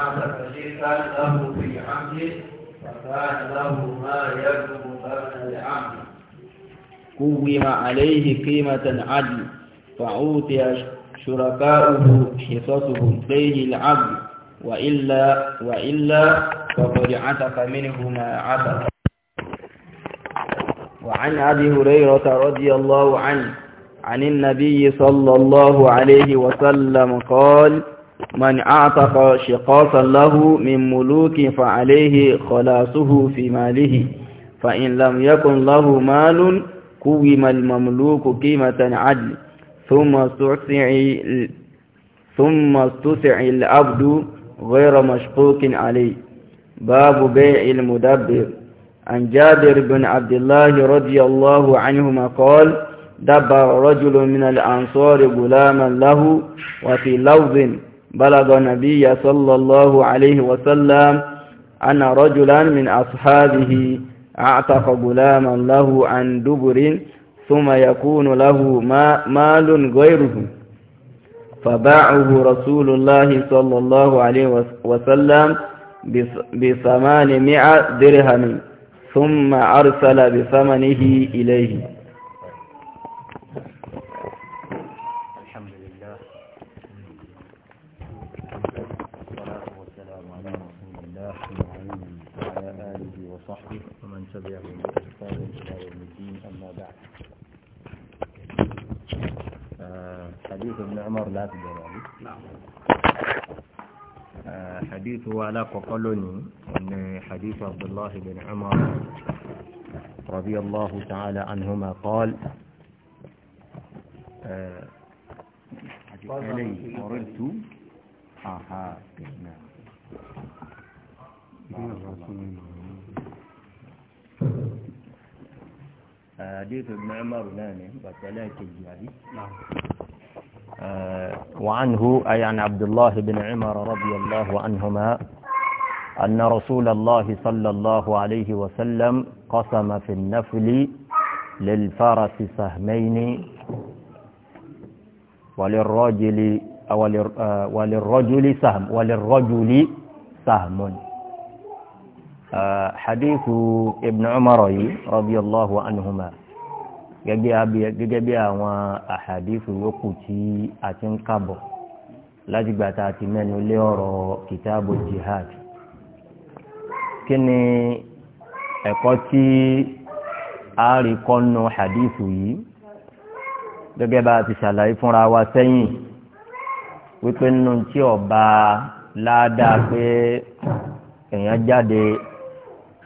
فشيء فكان له ما عليه قيمة عدل فعوتي شركاؤه حصصهم به العدل وإلا وإلا فقد عتق منه ما عتق وعن أبي هريرة رضي الله عنه عن النبي صلى الله عليه وسلم قال من اعتق شقاصا له من ملوك فعليه خلاصه في ماله فإن لم يكن له مال قوم المملوك قيمة عدل ثم استسع ثم استسع العبد غير مشقوق عليه باب بيع المدبر عن جابر بن عبد الله رضي الله عنهما قال دبر رجل من الأنصار غلاما له وفي لوظ بلغ النبي صلى الله عليه وسلم أن رجلا من أصحابه أعتق غلاما له عن دبر ثم يكون له مال غيره فباعه رسول الله صلى الله عليه وسلم بثمانمائة درهم ثم أرسل بثمنه إليه حديث ابن عمر لا تجرالي نعم آه، حديث ولا قلني أن حديث عبد الله بن عمر رضي الله تعالى عنهما قال علي آه، مررت أها آه، نعم. حديث ابن عمر نعم، بس لا جاري نعم آه، وعنه أي عن عبد الله بن عمر رضي الله عنهما أن رسول الله صلى الله عليه وسلم قسم في النفل للفرس سهمين وللرجل آه، وللرجل سهم وللرجل سهم آه، حديث ابن عمر رضي الله عنهما gẹ́gẹ́ bí àwọn àhàdífù yòókù tí a ti ń kàbọ̀ láti gbà tá a ti mẹ́nu lé ọ̀rọ̀ kìtàbù jihad kí ni ẹ̀kọ́ tí a rí kọ́nu àhàdífù yìí gẹ́gẹ́ bá a ti ṣàlàyé fúnra wa sẹ́yìn wípé nínú tí ọba ládàá pé èèyàn jáde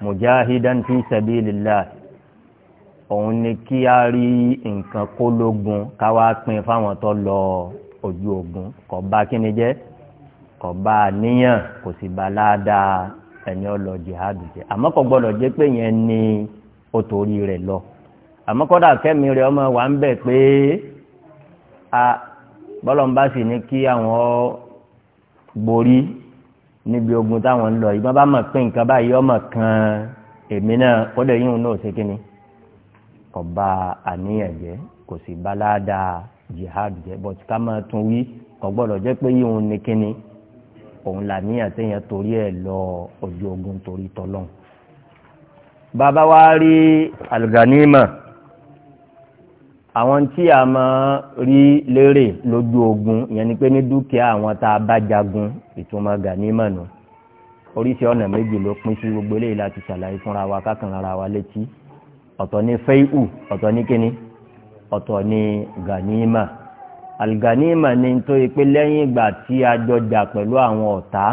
mujahidan fi sabilillah òun ni kí a rí nǹkan kó lógun ká wá pín fáwọn tó lọ ojú ogun kò bá kíni jẹ́ kò bá níyàn kò sì bá ládàá ẹni ọlọ jihad jẹ àmọ́ kò gbọ́dọ̀ jẹ́ pé yẹn ni ó torí rẹ̀ lọ àmọ́ kódà kẹ́mi rẹ̀ ọmọ wa ń bẹ̀ pé a bọ́lọ̀mbá sì ní kí àwọn borí níbi ogun táwọn ń lọ ìbọn bá mọ̀ pé nǹkan báyìí ọmọ kan èmi náà ó lè yín òun náà ṣe kíni kò bà àníyàn jẹ́ kò sì bá ládàá jihad jẹ́ but ká máa tún wí kò gbọ́dọ̀ jẹ́ pé yíyún ni kíni òun làníyàn téèyàn torí ẹ̀ lọ ojú ogun torí tọ́lọ́hún. bàbá wa rí alganima àwọn tí a máa rí lérè lójú ogun ìyẹn ni pé ní dúkìá àwọn tá a bá jagun ìtumọ̀ ganima nù oríṣi ọ̀nà méjì ló pín sí gbogbo eléyìí láti ṣàlàyé fúnra wa kákan ara wa létí ọ̀tọ̀ ni fẹ́ìhù ọ̀tọ̀ ni kíni ọ̀tọ̀ ni ganima alganima ni tó yẹ pé lẹ́yìn ìgbà tí a jọ jà pẹ̀lú àwọn ọ̀tá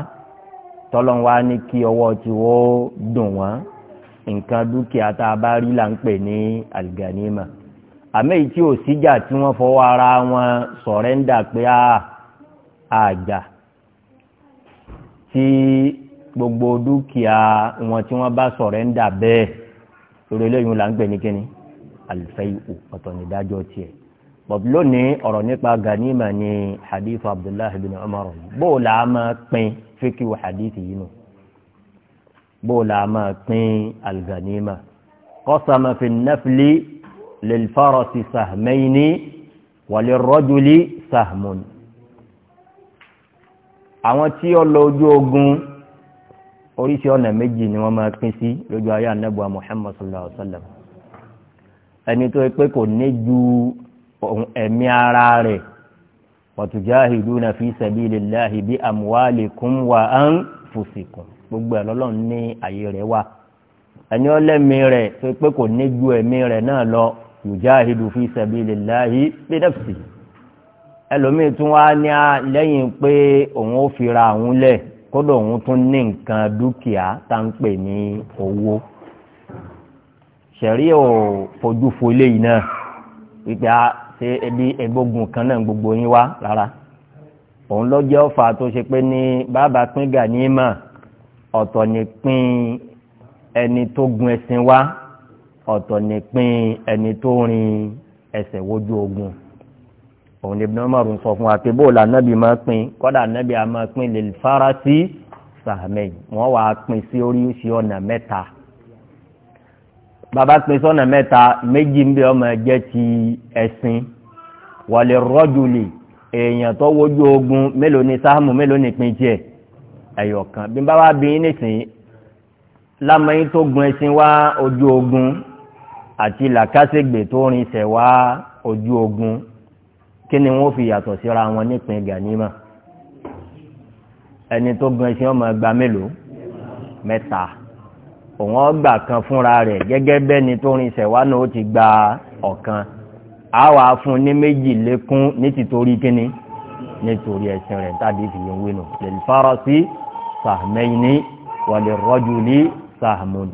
tọ́lọ́wá ní kí ọwọ́ tí ó dùn wọ́n nǹkan dúkìá tá a bá rí là ń pè ní alganima àmọ́ èyí tí ò síjà tí wọ́n fọwọ́ ara wọn sọ̀rẹ́ńdà pé àjà tí gbogbo dúkìá wọn tí wọ́n bá sọ̀rẹ́ńdà bẹ́ẹ̀ sọ̀rọ̀ eléyìí là ń pè ní kíni alifẹ́yìkù ọ̀tọ̀ nídájọ́ tiẹ̀ bọ̀bí lónìí ọ̀rọ̀ nípa ganima ni hadith abdullahi bin umar bóò là á máa pín fíkì wọ hadith yìí nù bóò là máa pín alganima qasama fi nafli lilfarasi sahmayni walirrajuli sahmun àwọn tí ó lọ ojú ogun oríṣi ọ̀nà méjì ni wọ́n máa pín sí lójú ayé anábùa Muhammad sallallahu alaihi wa sallam ẹni tó pé kò ní ju ẹ̀mí ara rẹ̀ watujahiduna fi sabilillahi bi amwalikum wa anfusikum gbogbo ẹ̀ lọ́lọ́run ní àyè rẹ̀ wà ẹni ọlẹ́mi rẹ̀ tó pé kò ní ju ẹ̀mí rẹ̀ náà lọ yujahidu fi sabilillahi bi nafsi ẹlòmíì tún wá ní lẹ́yìn pé òun ó fira òun lẹ̀ kódà òun tún ní nǹkan dúkìá tá ń pè ní owó ṣẹ̀rí ò fojú fo eléyìí náà wípé a ah, ṣe ẹbí ẹgbógun kan náà gbogbo yín wá rárá òun ló jẹ́ ọ̀fà tó ṣe pé ní bàbá pín gànímà ọ̀tọ̀ ni pín ẹni tó gun ẹṣin wá ọ̀tọ̀ ni pín ẹni tó rin ẹsẹ̀ wojú ogun òun ni Ibn Umar ń sọ fún wa pé bóòlù anábì máa pín kọ́dà anábì a máa pín lil farasi sàmẹ́yì wọ́n wàá pín sí oríṣi ọ̀nà mẹ́ta bàbá pín sọ́nà mẹ́ta méjì ń bẹ ọmọ jẹ́ ti ẹ̀sìn wọlé rọ́jùlì èèyàn tó wojú ogun mélòó ni sáàmù mélòó ni pín tiẹ̀ ẹ̀yọ̀ kan bí bá bí nísìnyí lámọ́yìn tó gun ẹṣin wá ojú ogun àti làkàṣègbè tó rinṣẹ̀ wá ojú ogun kí ni wọ́n fi yàtọ̀ síra wọn nípìn gànímà ẹni tó gan ṣe ọmọ ẹgbà mélòó mẹ́ta òun ọgbà kan fúnra rẹ̀ gẹ́gẹ́ bẹ́ni tó rin ìṣẹ̀wá náà ó ti gba ọ̀kan á wàá fún ní méjì lékún ní tìtorí kíni nítorí ẹ̀sìn rẹ̀ tàbí fi yẹn wínú lil farasi sahmaini wa lirrajuli sahmun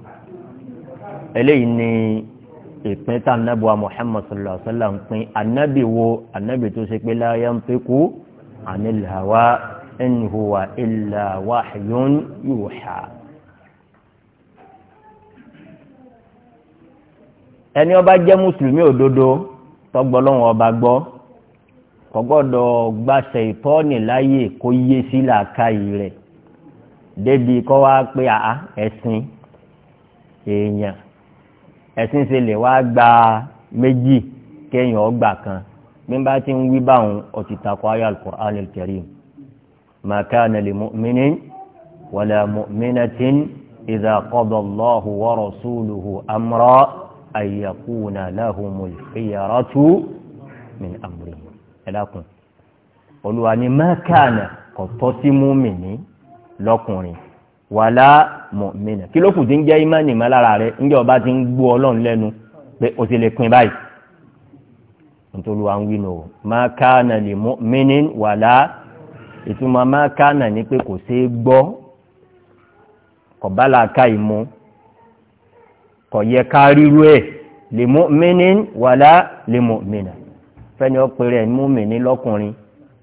eléyìí ni ìpín tá anábùwà muhammad sallallahu alaihi wa sallam pín anábì wo anábì tó ṣe pé la yantiqu anil hawa in huwa illa wahyun yuha. ẹni ó bá jẹ́ mùsùlùmí òdodo tọgbọlọ́wọ́ ọba gbọ́ kọ́gbọ́dọ̀ gbàṣẹ ìtọ́ni láyè kó yé sí làákàyè rẹ̀ débi kọ́ wá pé àá ẹ̀sìn èèyàn ẹ̀sìn ṣe lè wá gba méjì kéèyàn ọgbà kan bí n bá ti ń wí báwọn ọtí takọ ayé al-Qur'an al-Karim ma kana li mu'minin wala mu'minatin idha qada Allahu wa rasuluhu amra ay yakuna lahumul khiyaratu min amrihim ẹ dákun olùwà ni ma kana kò sí mùmínì lọ́kùnrin wàlá mọ̀mìnà kí ló kù tí ń jẹ́ ìmánì mọ́ lára rẹ̀ ń jẹ́ ọba ti ń gbọ́ ọlọ́run lẹ́nu pé o ti lè pin báyìí nítorí wa ń wí nù máa kánà lè mọ̀mìnì wàlá ìtumọ̀ máa kánà ní pé kò ṣeé gbọ́ kọ̀bálà ká ìmú kọ̀ yẹ ká ríru ẹ̀ lè mọ̀mìnì wàlá lè mọ̀mìnà fẹ́ni ó pèrè ní mọ̀mìnì lọ́kùnrin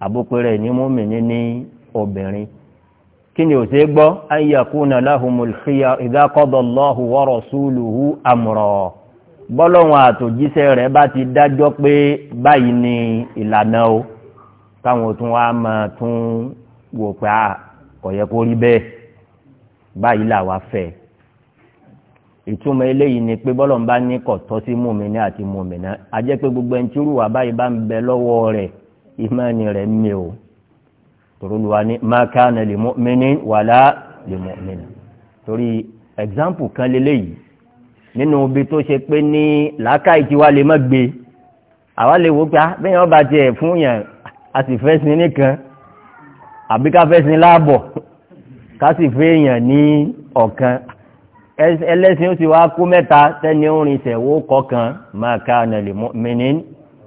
àbó pèrè ní mọ̀mìnì ní obìnrin kí ni ò sí gbọ́ an yakuna lahumul khiya idha qada Allahu wa rasuluhu amra bọ́lọ́wọ́n àtòjíṣẹ́ rẹ̀ bá ti dájọ́ pé báyìí ni ìlànà o táwọn tún wá máa tún wò pé ah, kò yẹ kó rí bẹ́ẹ̀ báyìí làwa fẹ́ ìtumọ̀ eléyìí ni pé bọ́lọ̀ ń bá ní kò tọ́ sí mùmíní àti mùmínà a jẹ́ pé gbogbo ẹni tí irú wa báyìí bá ń bẹ lọ́wọ́ rẹ̀ ìmánì rẹ̀ ń mi o torúluwa ní mákàánà lè mọ́mìnì wàlá lè mọ́mìnì torí example kan lélẹ́yìí nínú ibi tó ṣe pé ní làákàyè tí wàá lè má gbé àwa lè wò pé ah, bẹ́ẹ̀ ọba tiẹ̀ fún yàn a sì fẹ́ sin nìkan àbí ká fẹ́ sin láàbọ̀ ká sì fẹ́ yàn ní ọ̀kan ẹlẹ́sìn ó sì wá kú mẹ́ta tẹ́ni orin ṣẹ̀wó kọ̀ọ̀kan mákàánà lè mọ́mìnì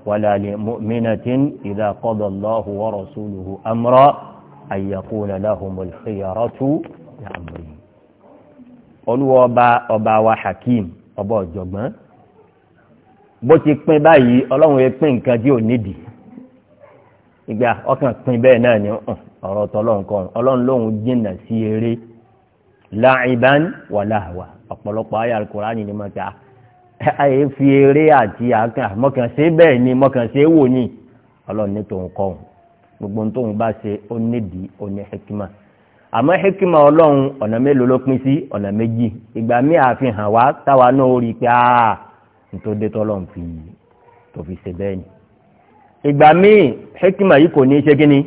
ولا لمؤمنة إذا قضى الله ورسوله أمرا أن يكون لهم الخيرة لأمرهم olúwa ọba ọba wa hakim ọba ọ̀jọ̀gbọ́n bó ti pín báyìí ọlọ́run yẹn pín nǹkan tí ò nídìí ìgbà ọkàn pín bẹ́ẹ̀ náà ni ọ̀rọ̀ tọlọ́run kan ọlọ́run lòun jìnnà sí eré láìbán wàláhàwà ọ̀pọ̀lọpọ̀ ayé ni mo ta ayé fi eré àti àkàn mọ̀kànṣe bẹ́ẹ̀ ni mọ̀kànṣe wò ní ọlọ́run ní tòun kọ́ òun gbogbo ohun tóun bá ṣe ó nídìí ó ní hekima àmọ́ hekima ọlọ́run ọ̀nà mélòó ló pín sí ọ̀nà méjì ìgbà míì àfihàn wá táwa náà rí i pé áà nítorí tọ́lọ́run fi tó fi ṣe bẹ́ẹ̀ ni ìgbà míì hekima yìí kò ní ṣe kí ni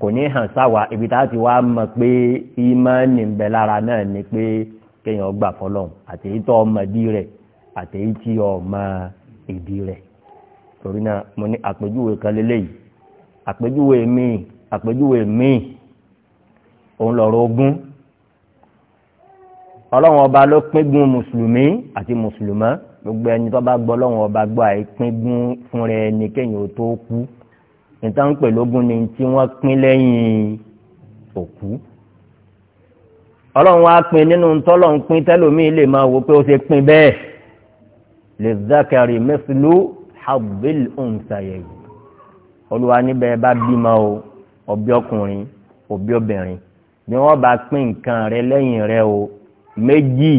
kò ní hàn sáwa ibi tá a ti wá mọ̀ pé ìmọ̀ nìbẹ̀ lára náà ni pé kéèyàn gbà fọlọ́run àti ìtọ́ ọmọdé rẹ̀ àtẹ̀yí tí ọmọ èdè rẹ̀ torí náà mo ní àpèjúwe kan lélẹ́yìí àpèjúwe míì àpèjúwe míì òun lọ̀rọ̀ ogún ọlọ́run ọba ló píngun mùsùlùmí àti mùsùlùmá gbogbo ẹni tó bá gbọ́ ọlọ́run ọba gbọ́ àìpíngun fúnra ẹni kéèyàn tó kú níta ń pè lógún ni tí wọ́n pín lẹ́yìn òkú ọlọ́run wá pín nínú tọ́lọ́run pín tẹ́lòmíì lè máa wò pé ó ṣe pín bẹ́ẹ̀ lizzakari mithlu habbil unsayayi olúwa níbẹ̀ bá bímọ o ọbí ọkùnrin ọbí obìnrin bí wọ́n bá pín nǹkan rẹ lẹ́yìn rẹ o méjì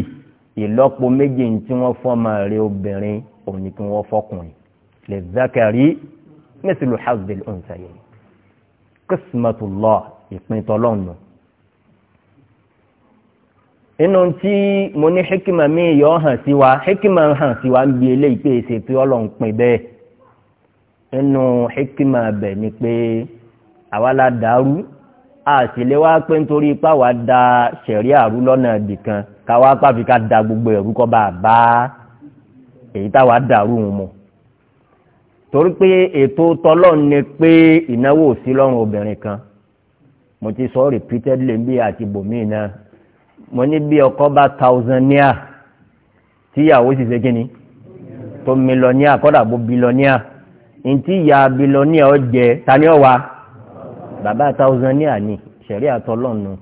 ìlọ́po méjì tí wọ́n fọ́mọ rẹ obìnrin òní kí wọ́n fọkùnrin lizzakari mithlu habbil unsayayi qismatullah ìpín tọ́lọ́nù inú tí mo ní hikima mi yọ hàn sí wa hikima hàn sí wa ń bi eléyìí pé èsè pé ọlọ́run pin bẹ́ẹ̀ inú hikima bẹ̀ ni pé àwa la dàrú àṣìlẹ̀ wa pé nítorí ipá wa da ṣẹ̀rí àrú lọ́nà ibì kan ká wá pàfi ká da gbogbo ẹ̀rú kọ́ bá a bá èyí táwa dàrú òun mọ̀ torí pé ètò tọlọ́run ni pé ìnáwó sí lọ́rùn obìnrin kan mo ti sọ repeatedly bí àti bòmíì náà mo ní bí ọkọ bá tausania tíyàwó sì ṣe kíni tó mílíọ̀nìà kọ́dà bó bílíọ̀nìà ntí ìyá bílíọ̀nìà ọ jẹ tani ọ wa bàbá tausania ni ṣẹ̀rí àtọ́lọ́nu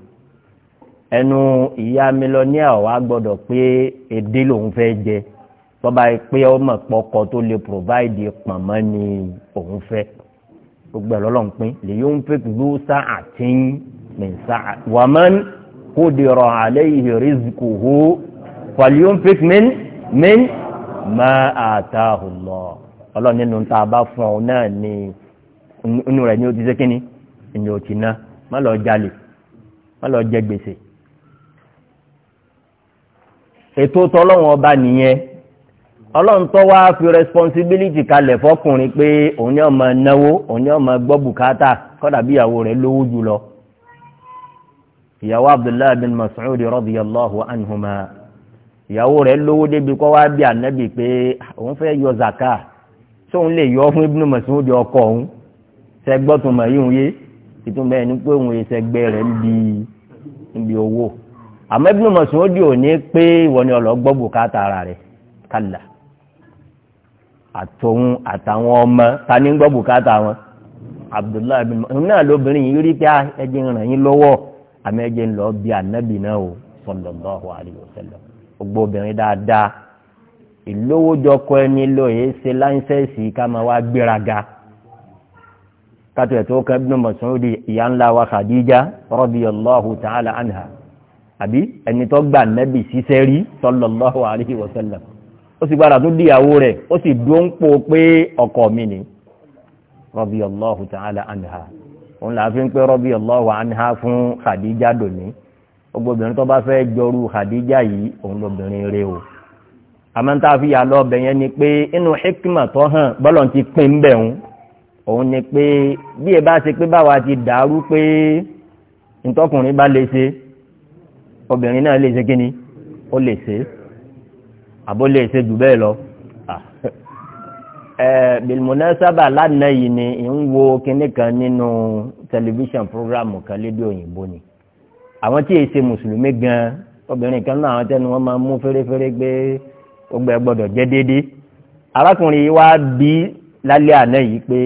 ẹnu ìyá mílíọ̀nìà wa gbọ́dọ̀ pé èdè lòun fẹ́ jẹ tọ́ba pé ọmọ pọkọ tó lè provide pọ̀nmọ́ ni òun fẹ́ gbogbo ẹ̀ lọ́lọ́ ń pín lèyí ó ń fẹ́ gbó sáà tí ń mẹ́sàá wàmọ́ni. قدر عليه رزقه فلينفق من من ما آتاه الله ọlọ́run nínú tá a bá fún ọ náà ni inú rẹ̀ ni ó ti ṣe kíni ni ó ti ná má lọ jalè má lọ jẹ gbèsè ètò tọlọ́run ọba nìyẹn ọlọ́run tó wá fi responsibility kalẹ̀ fọkùnrin pé òun ni ó náwó òun ni ó gbọ́ bùkátà kọ́dà bí rẹ̀ lówó jù ìyàwó abdullahi bin mas'ud radiyallahu anhuma ìyàwó rẹ̀ lówó débi kọ́ wá bí ànábì pé òun fẹ́ yọ zaka sóun lè yọ fún ibnu mas'ud ọkọ òun sẹgbọ́tùmọ̀ yìí ń yé ìtumọ̀ ẹni pé òun èsẹ̀ gbẹ rẹ̀ níbi owó àmọ́ ibnu mas'ud ò ní pé ìwọ ni ọlọ́gbọ́ bùkátà ara rẹ̀ kálá àtòun àtàwọn ọmọ ta ní gbọ́ bùkátà wọn abdullahi bin mas'ud náà lóbìnrin yìí rí pé ah, ẹjẹ ràn yín lọ́wọ́ amẹ́jẹ́ ń lọ bí anabi náà o sallallahu alayhi wa sallam gbogbo obìnrin dáadáa ìlówójọkọ ẹni ló yẹ ṣe láńsẹ̀sì ká máa wá gbéraga kátó ẹ̀ tó kan Ibn Mas'ud ìyá ńlá wa Khadija radiyallahu ta'ala anha àbí ẹni tó gba nẹ́bì ṣiṣẹ́ rí sallallahu alayhi wa ó sì gbára tó díyàwó rẹ̀ ó sì dúró ń pò pé ọkọ mi ni radiyallahu ta'ala anha òun là á fi ń pẹ́ radiyallahu anha fún Khadija dòní gbogbo obìnrin tó bá fẹ́ jọrú Khadija yìí òun lóbìnrin rẹ o àmọ́ntà fi yà lọ bẹ̀ yẹn ni pé inú hikima tó hàn bọ́lọ̀ ti pín bẹ̀ ń òun ni pé bí ẹ bá ṣe pé báwa ti dàrú pé ntọ́kùnrin bá lè ṣe obìnrin náà lè ṣe kíni ó lè ṣe àbó lè ṣe jù bẹ́ẹ̀ lọ bilmunasaba lánàá yìí ni ń wo kinní kan nínú tẹlifíṣàn programu kan lédè òyìnbó ni àwọn tí èsè mùsùlùmí gan obìnrin kan náà àwọn tẹnu wọn máa mú fèrèfèrè gbé gbogbo ẹ gbọ́dọ̀ jẹ déédéé arákùnrin yìí wá bí lálẹ́ àná yìí pé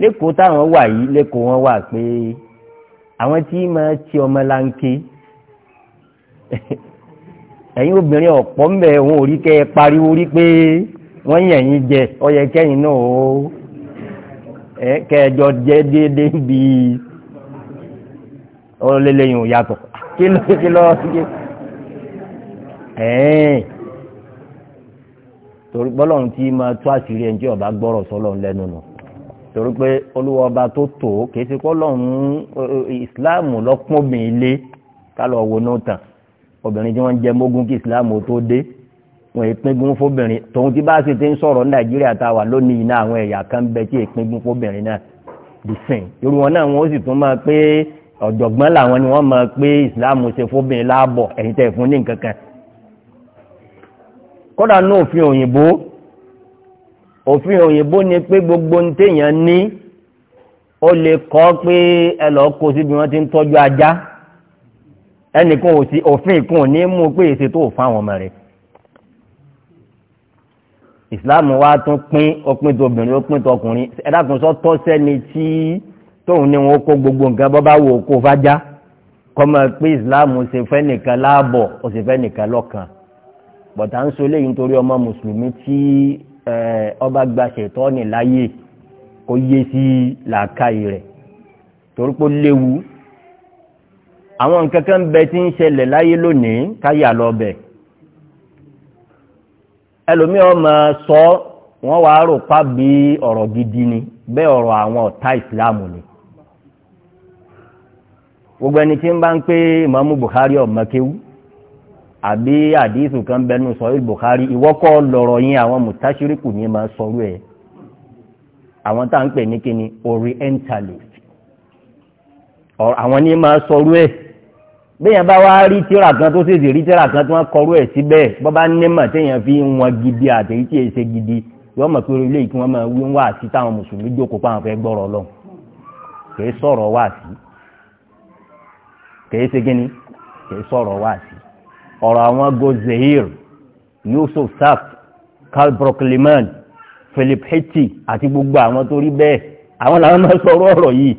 lẹ́kọ̀ọ́ táwọn wà yìí lẹ́kọ̀ọ́ wọn wà pé àwọn tí máa ti ọmọ láńké ẹ̀yin obìnrin ọ̀pọ̀ ń bẹ̀ wọn ò rí kẹ́ ẹ pariwo rí pé wọ́n yàn yín jẹ ó kẹ́yìn náà ó kẹjọ jẹ déédéé bí ọlẹ́lẹ́yìn ò yàtọ̀ kí ló kí ẹ̀ẹ́n torí bọ́lọ́run tí máa tú àṣírí ẹni tí ọba gbọ́rọ̀ sọ́lọ́run lẹ́nu nù torí pé olúwa ọba tó tó kìí ṣe kọ́lọ́run ìsìláàmù lọ́pọ̀nbìn ilé ká lọ wo náà tàn obìnrin tí wọ́n jẹ mógún kí ìsìláàmù tó dé wọn ìpíngun fóbìnrin tòun ti bá sì ti ń sọ̀rọ̀ nàìjíríà tá a wà lónìí iná àwọn ẹ̀yà kan ń bẹ tí ìpíngun fóbìnrin náà di sìn irú wọn náà wọn ó sì tún máa pé ọ̀jọ̀gbọ́n làwọn ni wọ́n máa pé ìsìláàmù ṣe fóbìnrin láàbọ̀ ẹ̀yìn tẹ̀ fún ní nǹkan kan kódà ní òfin òyìnbó òfin òyìnbó ni pé gbogbo ní téèyàn ní ó lè kọ́ pé ẹ lọ́ọ́ kó síbi wọ́n ti ń tọ́jú ajá ẹnìkan òfin ìkùn ní mú pé èsì tó fáwọn ọmọ rẹ̀ islam wa tún pín ó pín tó obìnrin ó pín tó ọkùnrin ẹ dákun sọ tọ́ sẹ́ni tí tóun ní wọn kó gbogbo nǹkan bọ́ bá wò kó fájá kọ́mọ pé islam ṣe fẹ́ nìkan láàbọ̀ ó ṣe fẹ́ nìkan lọ́kàn bọ̀tà ń so léyìí nítorí ọmọ mùsùlùmí tí ọba gba ṣètọ́ni láyè kó yé sí làákàyè rẹ̀ torí pé ó léwu àwọn nǹkan kan bẹ tí ń ṣẹlẹ̀ láyé lónìí káyà lọ bẹ̀ ẹlòmí ọmọ sọ wọn wàá rò pa bí ọ̀rọ̀ gidi ni bẹ ọ̀rọ̀ àwọn ọ̀tá ìsìláàmù ni gbogbo ẹni tí ń bá ń pé ìmọ̀mú Bukhari ọmọ àbí àdísù kan bẹnu sọ ìlú Bukhari ìwọ́kọ́ lọ̀rọ̀ yín àwọn mùtáṣíríkù ní máa sọrú ẹ̀ àwọn tá ń pè ní kíni orientalist àwọn ní sọrú ẹ̀ béèyàn bá wá rí tíra kan tó ṣèṣì rí tíra kan tí wọ́n kọrú ẹ̀ síbẹ̀ bọ́ bá nímọ̀ téèyàn fi ń wọn gidi àtẹ̀yí tí èsè gidi yọ mọ̀ pé ilé ìkí wọn máa wí ń wá sí táwọn mùsùlùmí jókòó pa àwọn fẹ́ gbọ́rọ̀ lọ kìí sọ̀rọ̀ wá sí kìí ṣe gíní kìí sọ̀rọ̀ wá sí ọ̀rọ̀ àwọn gozeir Yusuf Saf Karl Brockleman Philip Hitti àti gbogbo àwọn tó rí bẹ́ẹ̀ àwọn làwọn máa sọ̀rọ̀ ọ̀rọ̀ yìí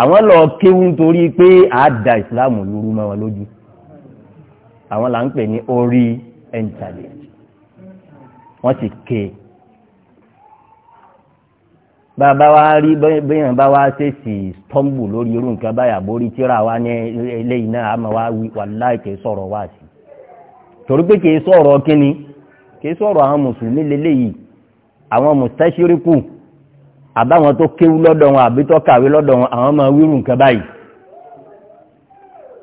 àwọn lọ kéwú torí pé àádá ìsìláàmù lóru mọ́ wọn lójú àwọn là ń pè ní orí ẹ̀ǹtàlẹ̀ wọ́n ti ké bàbá wa rí bẹ́yàn bá wá ṣèṣì stọ́mbù lórí irú nǹkan báyà borí tíra wa ní eléyìí náà àmọ́ wa wí wàláì kì sọ̀rọ̀ wá sí torí pé kì sọ̀rọ̀ kíni kì sọ̀rọ̀ àwọn mùsùlùmí lélẹ́yìí àwọn mùsítẹ́ṣíríkù àbáwọn tó kéwú lọ́dọ̀ wọn àbí tó kàwé lọ́dọ̀ wọn àwọn máa wírù nǹkan báyìí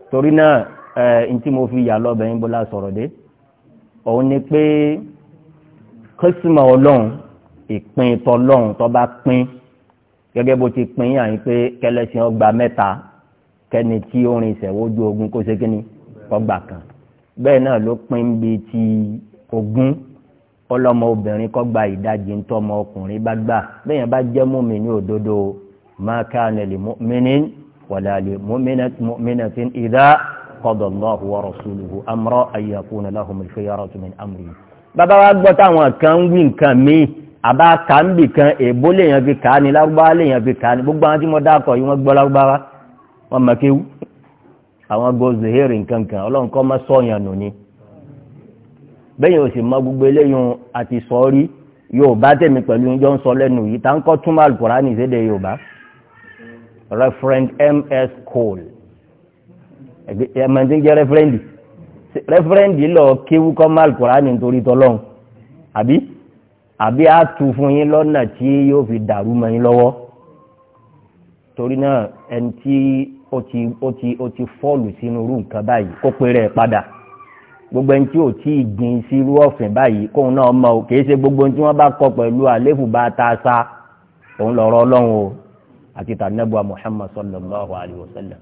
torí náà ẹ̀ẹ́n tí mo fi yà lọ́bẹ̀ yín bọ́lá sọ̀rọ̀ dé òun ni pé kọ́sìmọ̀ ọlọ́run ìpín tọlọ́run tó bá pín gẹ́gẹ́ bó ti pín yàn yín pé kẹlẹ́sìn ọgbà mẹ́ta kẹ́ni tí ó rin ìṣẹ̀wójú ogun kó ṣe kíni ọgbà kan bẹ́ẹ̀ náà ló pín bíi ti ogun ọlọ́mọ obìnrin kọ́ gba ìdajì ńtọ́ ọmọ ọkùnrin bá gbà bẹ́yẹn bá jẹ́ mùmínì òdodo ma kana li mu'minin wala li mu'minatin idha qada Allahu wa rasuluhu amra an yakuna lahumul khiyaratu min amri. bàbá wa gbọ́ táwọn kan ń wí nǹkan míì àbá kà ń bì kan èbó lèèyàn fi kà á ní lárúbáwá lèèyàn fi kà á ní gbogbo àwọn tí mo dákọ̀ yìí wọ́n gbọ́ lárúbáwá wọ́n mọ̀ kéwú àwọn gbọ́ zèhérì nǹkan kan ọlọ́run kọ́ mọ́ sọ́ọ̀yàn nù ni bẹ́ẹ̀ yóò sì mọ gbogbo eléyìí àti sọ́ọ́rí yorùbá tẹ̀mí pẹ̀lú ìjọ ń sọ lẹ́nu yìí táǹkọ́ túmọ̀ alukurani ìṣèdè yorùbá referent ms cole ẹ̀mọ̀tí jẹ́ referendi referendi lọ kéwú kọ́ mọ́ alukurani nítorí tọ́lọ́hún àbí àbí a tu fún yín lọ́nà tí yóò fi dàrú mọ́ yín lọ́wọ́ torí náà ẹni tí ó ti ó fọ́ọ̀lù sínú irú nǹkan báyìí kó péré padà gbogbo ẹni tí ò tí ì gbin sírú ọ̀fìn báyìí kóun náà mọ ò kìí ṣe gbogbo tí wọ́n bá kọ pẹ̀lú àléébù bá ta sa òun lọ́rọ̀ ọlọ́run o àti tànẹ́bùà Muhammad sallallahu alayhi wa sallam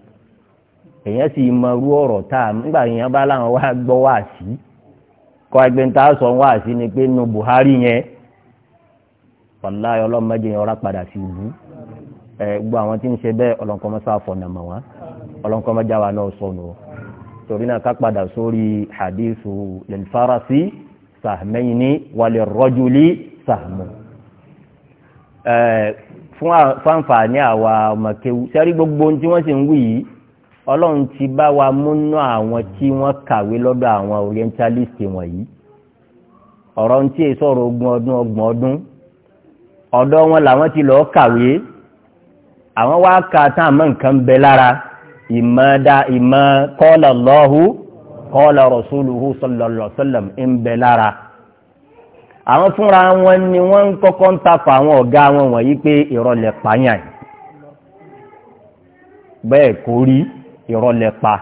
èèyàn sì mọ irú ọ̀rọ̀ tá a nígbà yẹn bá láwọn wá gbọ́ wá sí kọ́ ẹgbẹ́ ta sọ wá sí ni pé nu Buhari yẹn wàláyé ọlọ́mọdé yẹn ọ̀rá padà sí ìlú ẹ gbọ́ àwọn tí ń ṣe bẹ́ẹ̀ ọlọ́nkọ́mọ́sá fọ̀nà mọ̀ wá ọlọ́nkọ́mọ́já wa náà sọnù o torí náà ká padà sórí hadithu lilfarasi sahmayni walirrajuli sahmu. fún àǹfààní àwa ọmọkéwu sẹ́rí gbogbo ohun tí wọ́n sì ń wí yìí ọlọ́run ti bá wa múnú àwọn tí wọ́n kàwé lọ́dọ̀ àwọn orientalist wọ̀nyí ọ̀rọ̀ ń tí èso ọ̀rọ̀ ogún ọdún ọgbọ̀n ọdún ọ̀dọ̀ wọn làwọn ti lọ́ọ́ kàwé àwọn wá ka tán àmọ́ nǹkan bẹ lára ìmọ̀dá ìmọ̀ qala Allahu qala rasuluhu sallallahu alaihi wasallam ń bẹ lára àwọn fúnra wọn ni wọ́n ń kọ́kọ́ ń tapọ̀ àwọn ọ̀gá wọn wọ̀nyí pé ìrọ̀lẹ̀ pààyàn bẹ́ẹ̀ kò rí ìrọ̀lẹ̀ pa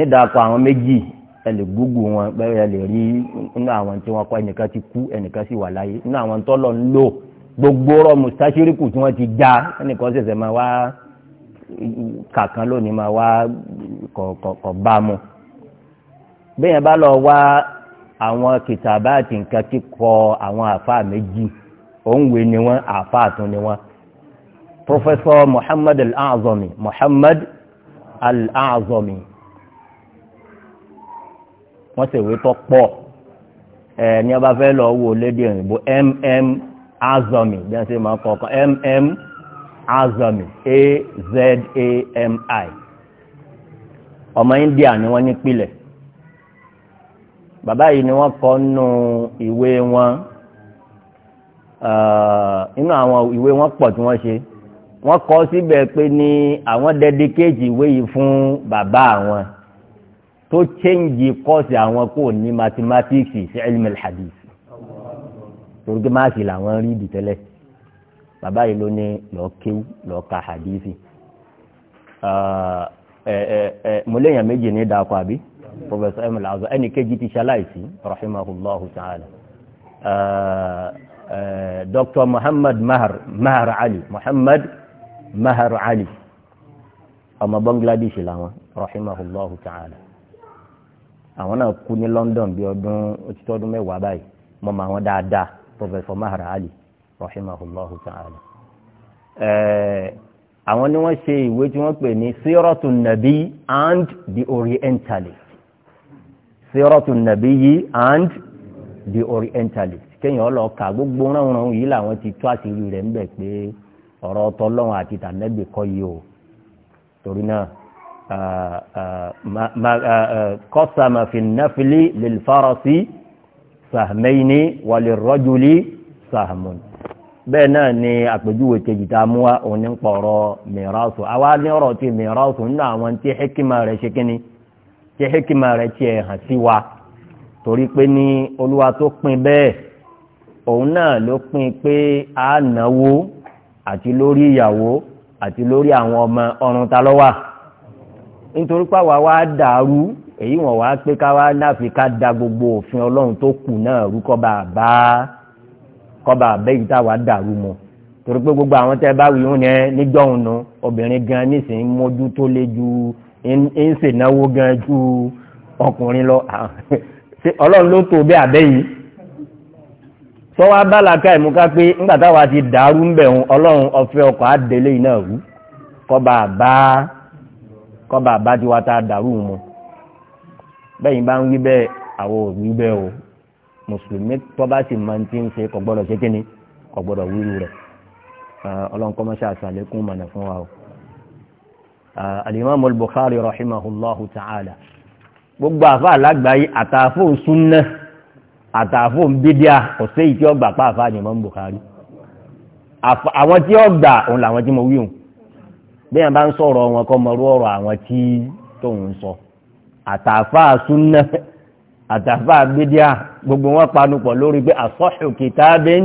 ìdàpọ̀ àwọn méjì ẹlẹ gbogbo wọn bẹ́ẹ̀ ẹlẹ rí nínú àwọn tí wọ́n kọ́ ẹnìkan ti kú ẹnìkan sì wà láyé nínú àwọn tọ́lọ̀ ń lò gbogbo rọ mùsàṣíríkù tí wọ́n ti já ẹnìkan ṣẹ̀ṣẹ̀ máa wá kàkan lónìí máa wá kọ̀ọ̀kọ̀ bá mu bẹ́ẹ̀ yẹn bá lọ wá àwọn kìtàbá àti nǹkan kíkọ àwọn àfáà méjì òǹwé ni wọ́n àfáà tún ni wọ́n Professor Muhammad Al-Azami Muhammad Al-Azami wọ́n sì wé tọ́ pọ̀ ẹ̀ ní ọba fẹ́ lọ wo lédè òyìnbó M.M. Azami bí wọ́n sì máa kọ̀ọ̀kan M.M azami a-z-a-m-i ọmọ india ni wọ́n nípìlẹ̀ bàbá yìí ni wọ́n kọ nù ìwé wọn uh, inú àwọn ìwé wọn pọ̀ tí wọ́n ṣe wọ́n kọ síbẹ̀ pé ní àwọn dedicate ìwé yìí fún bàbá àwọn tó change course àwọn kò ní mathematics sí ilmi al-hadith torí pé máàkì làwọn rí ìdí tẹ́lẹ̀ bàbá yìí ló ní lọ́ọ́ kéwú lọ́ọ́ ka hadithi mo léèyàn méjì ní dáko àbí professor emil azọ ẹnì kejì ti ṣaláìsí rahimahullahu ta'ala dr muhammad mahar mahar ali muhammad mahar ali ọmọ bangladesh làwọn rahimahullahu ta'ala àwọn náà kú ní london bí ọdún ó ti tó mẹ́wàá báyìí mo mọ àwọn dáadáa professor mahar ali rahimahullahu ta'ala. àwọn ni wọ́n ṣe ìwé tí wọ́n pè ní sírọ́tù nàbí and the orientalist sírọ́tù nàbí yìí and the orientalist kéèyàn ọlọ́ọ̀ka gbogbo ránran yìí làwọn ti tó àṣírí rẹ̀ ń bẹ̀ pé ọ̀rọ̀ tọlọ́run àti tànẹ́bì kọ́ yìí o torí náà kọ́sàmà fi náfìlì lè fárasí sàmẹ́yìn bẹ́ẹ̀ náà ni àpèjúwe kejì tá a mú wa òun ní pọ̀ ọ̀rọ̀ mìíràsù àwa ní ọ̀rọ̀ ti mìíràsù nínú àwọn tí hekima rẹ̀ ṣe kíni tí hekima rẹ̀ tiẹ̀ hàn sí wa torí pé ní olúwa tó pin bẹ́ẹ̀ òun náà ló pin pé a náwó àti lórí ìyàwó àti lórí àwọn ọmọ ọrùn ta lọ́wà nítorí pé àwa wá dàrú èyí wọn wá pé ká wá náà fi ká da gbogbo òfin ọlọ́run tó kù náà rúkọ́ bàbá kọ́ba àbẹ́yìí táwa dàrú mu torí pé gbogbo àwọn tẹ́ bá wíwọ́n yẹn níjọ́ òun nu obìnrin gan nísìnyí mójú tó lé ju ń ṣe náwó gan ju ọkùnrin lọ ọlọ́run ló tó bẹ́ àbẹ́yìí sọ́wọ́ abálaka ìmúká pé ńgbà táwa ti dàrú ń bẹ̀rùn ọlọ́run ọ̀fẹ́ ọkọ̀ àdélé iná rú kọ́ba àbá kọ́ba àbá tiwa ta dàrú mu bẹ́yìn bá ń wí bẹ́ẹ̀ àwọn ò wí bẹ́ẹ̀ o mùsùlùmí tó bá sì máa ń ti ń ṣe kò gbọ́dọ̀ ṣe kíni kò gbọ́dọ̀ wíru rẹ̀ ọlọ́nkọ́ mọ́ṣá àṣàlékún mọ̀nà fún wa o. alimami al-Bukhari rahimahullahu ta'ala gbogbo àfa alágbàáyé àtàfó súnná àtàfó bídíà kò sí èyí tí ó gbà pa àfa alimami Bukhari àwọn tí ó gbà òun làwọn tí mo wí òun bí wọn bá ń sọ̀rọ̀ wọn kọ́ mọ̀rú ọ̀rọ̀ àwọn tí tóun sọ àtàfá súnná àtàfà àgbédíà gbogbo wọn panupọ̀ lórí pé àsọ́hù kìtàbín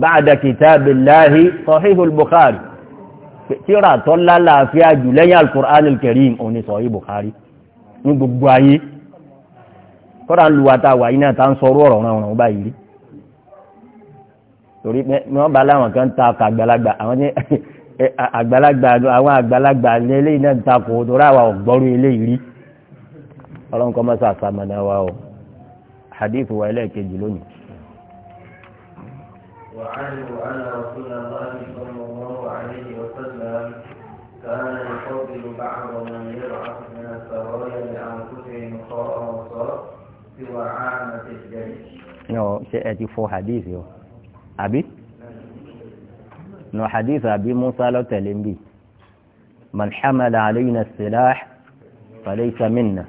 báàdà kìtàbíllahi sọ̀híhù bukhari tíra tó lálàáfíà jù lẹ́yìn al-Qur'an al-Karim òní sọ̀hí bukhari ní gbogbo ayé kọ́ra ń lu wa ta wà yìí náà ta ń sọ̀rọ̀ ọ̀rọ̀ ọ̀rọ̀ ọ̀rọ̀ báyìí rí torí pé ní wọ́n bá láwọn kan ta ọkà àgbàlagbà àwọn ní àgbàlagbà àwọn àgbàlagbà ilé náà ta kò tó ráwà ọ̀gbọ́rú eléyìí rí ọlọ́run kọ́ mọ́sá àsàmọ́nà wa o hadith wa ẹlẹ́ẹ̀kejì lónìí. وعنه أن رسول الله صلى الله عليه وسلم كان يفضل بعض من يبعث من السرايا لأنفسهم خاء وصاء سوى عامة الجيش. نعم سيأتي فو حديث يو أبي؟ نو حديث أبي موسى لو تلمبي من حمل علينا السلاح فليس منا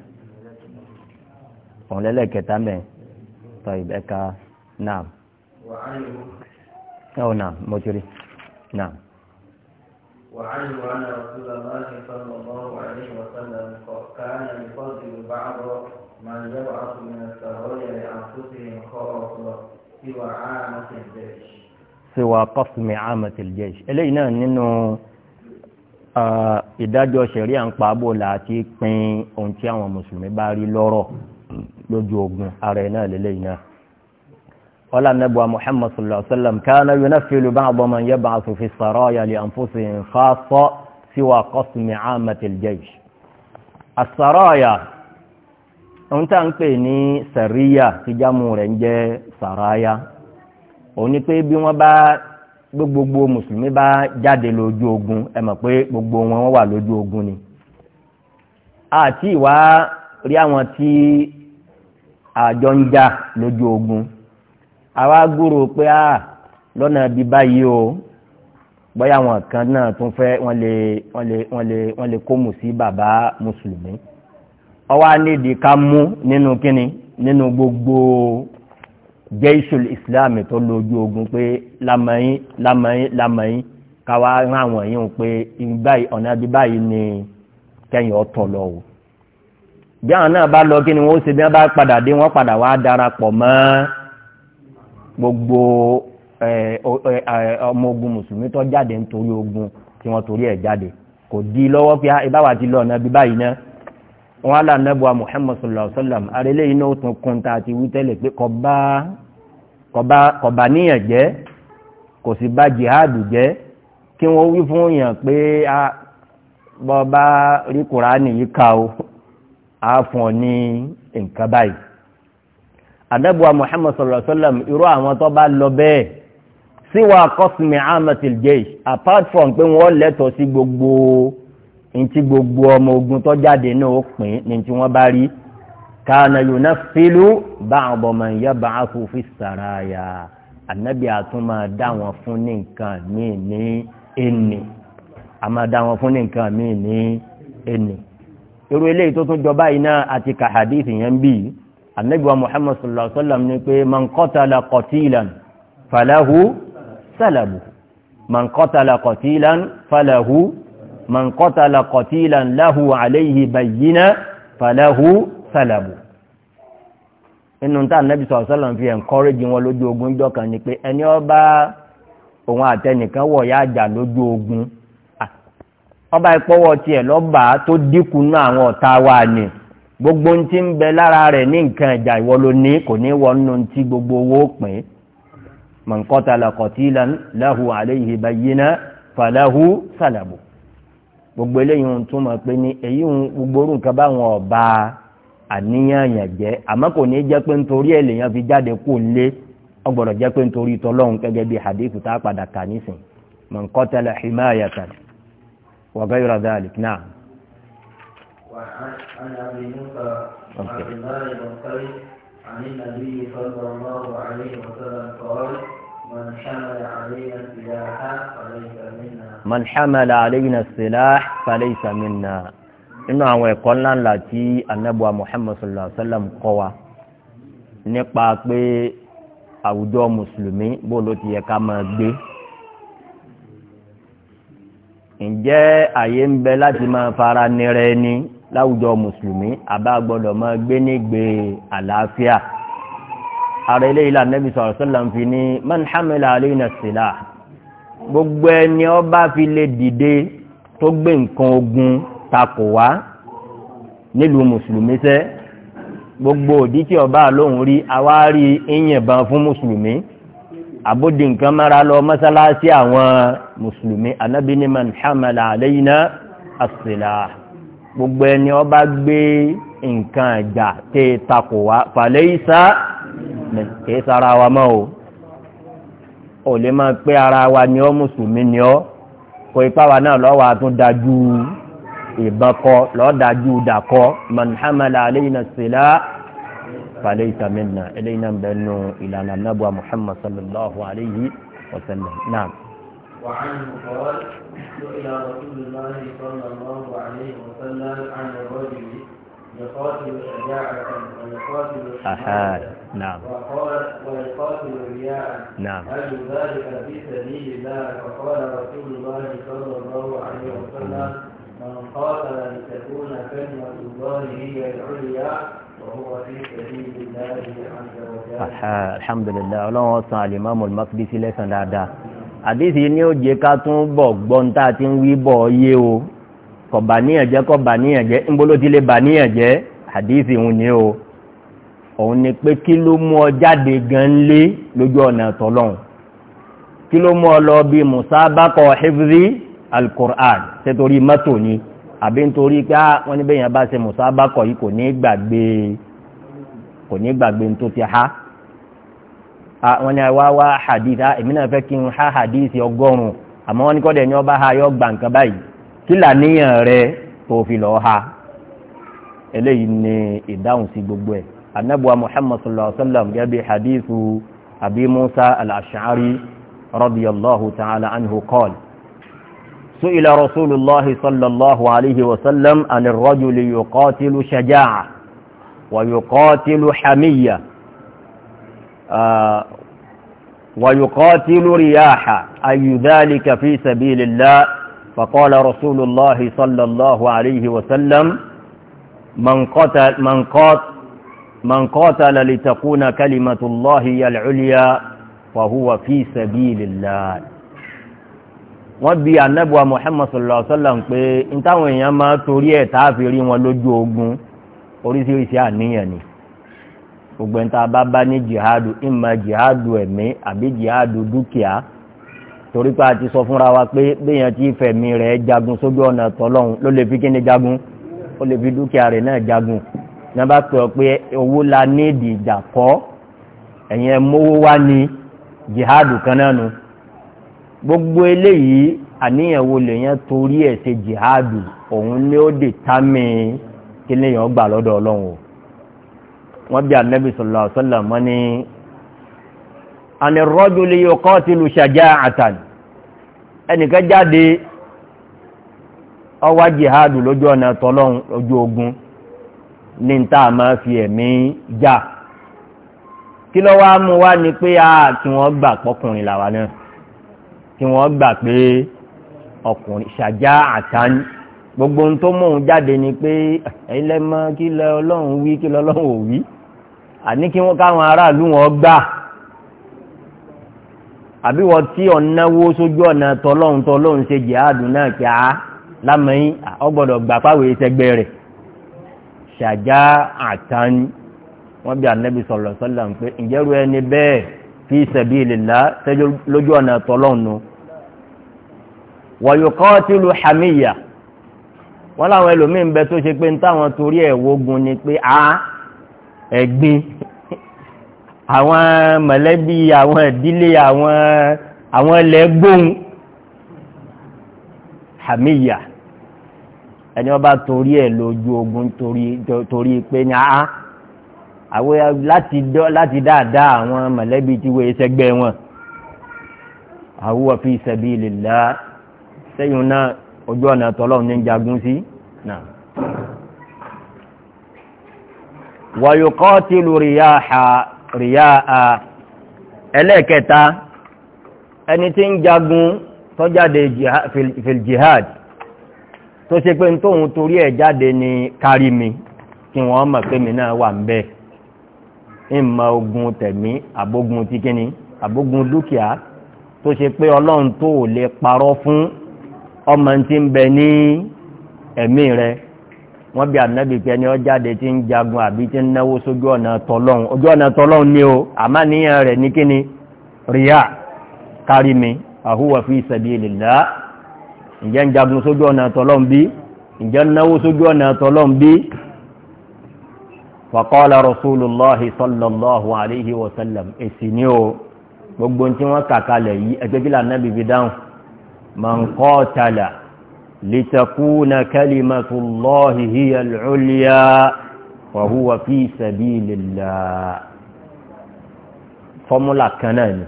òun lẹ́lẹ́kẹta mẹ́ tọ́ ìbẹ́ka náà. ọ̀ náà mo ti rí náà. وعنه أن رسول الله صلى الله عليه وسلم كان يفضل بعض من يبعث من السرايا لأنفسهم خاصة سوى عامة الجيش سوى قسم عامة الجيش إلينا nínú ìdájọ́ ṣẹ̀ríà ń pa bó láti pín ohun tí àwọn mùsùlùmí bá rí lọ́rọ̀ lójú ogun ara ẹ̀ náà lélẹ́yìn náà wọ́n lànà bu muhammad sallallahu alayhi wa sallam kánà yóò náà fìlú báwọn bọ́ máa ń yẹ báwọn sòfin sọ̀rọ̀ yàlẹ̀ àǹfọ̀sì nǹkan síwá kọ́sùmí àmàtìl jaysh àsàrọ̀yà ohun tá ń pè ní sàríyà tí jámù rẹ̀ ń jẹ́ sàráyà òun ni pé bí wọ́n bá gbogbo mùsùlùmí bá jáde lójú ogun ẹ mọ̀ pé gbogbo wọn wà lójú ogun ni àti ìwá rí àwọn tí àjọ ń jà lójú ogun àwa gbúrò pé a lọ́nà bíi báyìí o bóyá àwọn kan náà tún fẹ́ wọ́n lè wọ́n lè wọ́n lè wọ́n lè kó mùsí bàbá mùsùlùmí ọwọ́ anídi ká mú nínú kíni nínú gbogbo jẹ́ìṣùl ìsìláàmì tó lójú ogun pé lamẹ́yìn lamẹ́yìn lamẹ́yìn káwa rán àwọn yìí pé ìgbà ọ̀nà bíi báyìí ni kẹ́yìn ọ̀tọ̀ lọ́wọ́ bí àwọn náà bá lọ kí ni wọ́n ṣe bí wọ́n bá padà dé wọ́n padà wá darapọ̀ mọ́ gbogbo ọmọ ogun mùsùlùmí tó jáde nítorí ogun tí wọ́n torí ẹ̀ jáde kò di lọ́wọ́ pé ìbáwà ah, ti lọ ọ̀nà bí báyìí náà wọn àlà nẹ́bùa Muhammad sallallahu alaihi wasallam arẹ́lẹ́ iná ó tún kún ta àti wí tẹ́lẹ̀ pé kọba níyàn jẹ́ kò sì bá jihad jẹ́ kí wọ́n wí fún yàn pé ah, bọ́ba rí kùránì yìí ka o àáfọ̀n ní nǹkan báyìí àdẹ́bùwà Muhammad sallallahu alaihi wasallam irú àwọn tó bá lọ bẹ́ẹ̀ síwá kọ́sìmì amatil jaysh apart from pé wọ́n lẹ́tọ̀ọ́ sí gbogbo ntí gbogbo ọmọ ogun tó jáde náà ó pín ní tí wọ́n bá rí kana yunaffilu ba'd man yab'athu fi saraya ànábì àtúmọ̀ dá wọn fún ní nǹkan míì ní ẹnì àmọ́ dá wọn fún ní nǹkan míì ní ẹnì irú eléyìí tó tún jọba yìí náà àti ka hadith yẹn bí anabi wa muhammad sallallahu alaihi wa sallam ní pé man qatala qatilan falahu salabu man qatala qatilan falahu man qatala qatilan lahu alayhi bayyina falahu salabu inú ta anabi sallallahu alaihi wa sallam fi encourage wọn lójú ogun jọ kan ni pé ẹni ó òun àtẹnìkan wọ̀ ya jà lójú ogun ọba ìpọ́wọ́ tiẹ̀ lọ́ba tó dínkù ní àwọn ọta wa ni gbogbo ń ti ń bẹ lára rẹ ní nǹkan ìjà ìwọ ní kò ní ti gbogbo owó pín man nkọtala qatilan lahu alayhi bayyina falahu salabu gbogbo eléyìí ń túmọ̀ pé ní èyí ń gbogbo báwọn ọba àníyàn yàn jẹ́ àmọ́ kò ní jẹ́ pé nítorí ẹ̀ lèèyàn fi jáde kó lé jẹ́ pé وغير ذلك نعم وعن أبي موسى عبد الله بن قيس عن النبي صلى الله عليه وسلم قال من حمل علينا السلاح فليس منا من حمل علينا السلاح فليس منا inú àwọn ẹ̀kọ́ ńlá ńlá tí anábọ̀ muhammad sallallahu alaihi wa sallam kọ́ wa nípa pé àwùjọ mùsùlùmí bó ti yẹ ká máa gbé ǹjẹ́ àyè ń bẹ láti máa fara nira ẹni láwùjọ mùsùlùmí àbá gbọ́dọ̀ máa gbé nígbè àlàáfíà ààrẹ ilé ìlà nẹ́bí sọ̀rọ̀ sọ́lá ń fi ní man hamila alayna silah gbogbo ẹni ó bá fi lè dìde tó gbé nǹkan ogun takò wá nílùú mùsùlùmí sẹ́ gbogbo òdí tí ó lóhùn rí awárí ìyìnbọn fún mùsùlùmí àbódì nǹkan mẹ́ra lọ mọ́sálásí àwọn mùsùlùmí anábì ní man hamala alayna as-silah gbogbo ẹni ó bá gbé nǹkan ẹ̀jà tẹ́ takò wá falaysa kìí sára wa mọ́ o ò lè máa pé ara wa ni ọ́ mùsùlùmí ni ọ́ kò ipá wa náà lọ́wọ́ àtún dájú ìbọn kọ lọ́ọ́ dájú dàkọ man hamala alayna as فليس منا إلينا نعم بأنه إلى النبوة محمد صلى الله عليه وسلم نعم وعنه قال سئل رسول الله صلى الله عليه وسلم عن الرجل يقاتل شجاعة ويقاتل شجاعة نعم وقال ويقاتل رياء نعم هل ذلك في سبيل الله فقال رسول الله صلى الله عليه وسلم من قاتل لتكون كلمة الله هي العليا alhamdulilayi ọlọ́run san alimami makidisi lẹ́sàn dáadáa àdìsí ni ó jẹ ká tún bọ̀ gbọ́n tá a ti ń wí bọ̀ yé o kọ̀ bà níyàn jẹ́ kọ̀ bà níyàn jẹ́ ńgbóló ti lè bà níyàn jẹ́ àdìsí òun ni o òun ni pé kí ló mú ọ jáde gan lé lójú ọ̀nà tọ́lọ́hún kí ló mú ọ lọ bí musabakọ̀ hifzi alqur'an ṣètòrí mọ́tò ni àbí nítorí pé ah, wọ́n ní bẹ́yìn bá ṣe mùsábàkọ̀ yìí kò ní gbàgbé kò ní gbàgbé tó ti ha ah, wọ́n ní wá wá hadith ah, èmi náà fẹ́ kí n ha hadith ọgọ́rùn-ún àmọ́ wọ́n ní kọ́dẹ̀ ní ọba ha yọ gbà nǹkan báyìí kí làníyàn rẹ tó fi lọ́ọ́ ha eléyìí ni ìdáhùn sí gbogbo ẹ̀ anabuwa muhammad sallallahu alaihi wa sallam gẹ́gẹ́ bí hadithu al-ash'ari radiyallahu ta'ala anhu qala سئل رسول الله صلى الله عليه وسلم عن الرجل يقاتل شجاعة ويقاتل حمية آه ويقاتل رياحة أي ذلك في سبيل الله فقال رسول الله صلى الله عليه وسلم من قتل من قاتل من قاتل لتكون كلمة الله العليا فهو في سبيل الله wọ́n bi anabuwa muhammad sallallahu alaihi wa sallam pé n táwọn èèyàn máa torí ẹ̀ tá a fi rí wọn lójú ogun oríṣiríṣi àníyàn ni gbogbo ẹni tá bá bá ní jihadu ìmọ̀ jihadu ẹ̀mí àbí jihadu dúkìá torí pé a ti sọ fúnra wa pé béèyàn ti fẹ̀mí rẹ̀ jagun sójú ọ̀nà tọ́lọ́hún ló lè fi kíni jagun ó lè fi dúkìá rẹ̀ náà jagun náà bá pè ọ́ pé owó la ní ìdìjà kọ́ ẹ̀yin ẹ̀ mówó wá ní jihadu kan náà nu. No gbogbo eléyìí àníyàn wo lèyàn torí ẹ̀ ṣe jihadu òun ni ó dè támì kí lèyàn gbà lọ́dọ̀ ọlọ́run o wọ́n bí anabi sallallahu alaihi wasallam wọ́n ní àní rajuli yuqatilu shaja'atan ẹnìkan jáde ó jihadu lójú ọ̀nà tọ́lọ́run lójú ogun ní ní tá a máa fi ẹ̀mí jà kí ló wá mú wá ni pé a ah, kí wọ́n gbà pọ́kùnrin làwa náà. kí wọ́n gbà pé ọkùnrin ṣàjá àtàn gbogbo ohun tó mọ̀ọ́n jáde ni pé mọ́ kí lẹ ọlọ́run wí kí lẹ ọlọ́run ò wí àní kí wọ́n káwọn aráàlú wọn gbà àbí wọ́n tí ọ̀náwó sójú ọ̀nà tọ́lọ́run tọ́lọ́run ṣe jihadu náà kí á lámẹ́yìn ọgbọ́dọ̀ gbà páwé sẹgbẹ́ rẹ̀ ṣàjá àtàn wọ́n bí anabi sọ̀rọ̀ sọ́lá ń pé ǹjẹ́rú ẹni bẹ́ẹ̀ fi sabilillah tẹ́jọ́ lójú ọ̀nà tọ́lọ́nu wa yuqatilu hamiyya wọ́n láwọn ẹlòmíín bẹ tó ṣe pé ń táwọn torí ẹ̀ wogun ni pé a ẹ̀gbin àwọn mọ̀lẹ́bí àwọn ìdílé àwọn àwọn ilẹ̀ ẹni wọ́n bá torí ẹ̀ lójú ogun torí pé ni a àwọn láti dọ́ láti dáadáa àwọn mọ̀lẹ́bí tí wọ́n ṣẹgbẹ́ wọn àwọ̀ fi sabilillah sẹ́yìn náà ojú ọ̀nà tọ́lọ́run ní jagun sí náà. wa yuqatilu riyaha riyaha ẹlẹ́ẹ̀kẹta ẹni tí ń jagun tó jáde fil jihad tó ṣe pé tóun torí ẹ̀ jáde ní kárí mi kí wọ́n mọ̀ pé mi náà wà ń bẹ́ẹ̀ ìmọ̀ ogun tẹ̀mí àbógun ti kíni àbógun dúkìá tó ṣe pé ọlọ́run tó ò lè parọ́ fún ọmọ tí ń bẹ ní ẹ̀mí rẹ wọ́n bí ànábì pé ẹni ó jáde tí ń jagun àbí tí ń náwó sójú ọ̀nà tọlọ́run ojú ọ̀nà tọlọ́run ni o àmá níyàn rẹ̀ ní kíni ríà kárí mi àhúwà fi sabilillah ǹjẹ́ ń jagun sójú ọ̀nà tọlọ́run bí ǹjẹ́ ń náwó sójú ọ̀nà tọlọ́run bí فقال رسول الله صلى الله عليه وسلم ni o gbogbo tí wọ́n kàkalẹ̀ yìí ẹgbẹ́ kí lànà bíbí dáhùn man qatala litakuna kalimatullahi hiya al-ulya wa huwa fi sabilillah fọ́múlà kan náà ni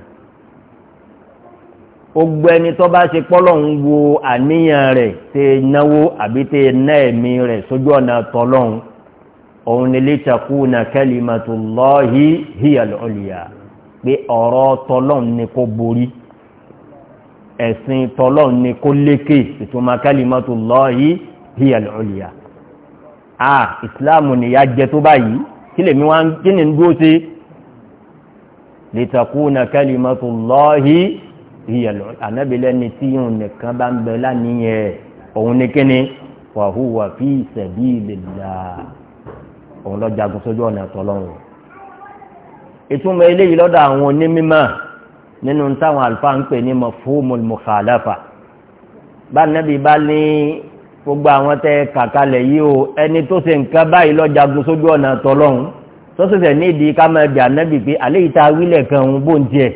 gbogbo ẹni tó bá ṣe pọ́lọ̀ ń wo àníyàn rẹ̀ tẹ náwó àbí tẹ náà ẹ̀mí rẹ̀ sójú ọ̀nà tọ́lọ́hún òun ni litakuna kalimatullahi hiya al-ulya pé ọ̀rọ̀ tọlọ́n ni kó borí ẹ̀sìn tọlọ́n ni kó lékè ìtumọ̀ kalimatullahi hiya al-ulya a ìsìláàmù nìyà jẹ tó báyìí kí lèmi wá kí ni ń dúró sí litakuna kalimatullahi hiya anabila ni tí yóò nìkan bá ń bẹ lánìyẹn òun ni kíni wa huwa fi sabilillah òun lọ jagun sójú ọ̀nà àtọ́lọ́run ìtumọ̀ eléyìí lọ́dọ̀ àwọn onímọ̀ nínú táwọn àlùfáà ń pè ní mafhumul mukhalafa bá nẹ́bí bá ní gbogbo àwọn tẹ kàkalẹ̀ yìí o ẹni tó ṣe nǹkan báyìí lọ jagun sójú ọ̀nà àtọ́lọ́run tó ṣẹ̀ṣẹ̀ nídìí ká máa bì ànẹ́bí pé àléyìí tá a wílẹ̀ kan òun bó ń tiẹ̀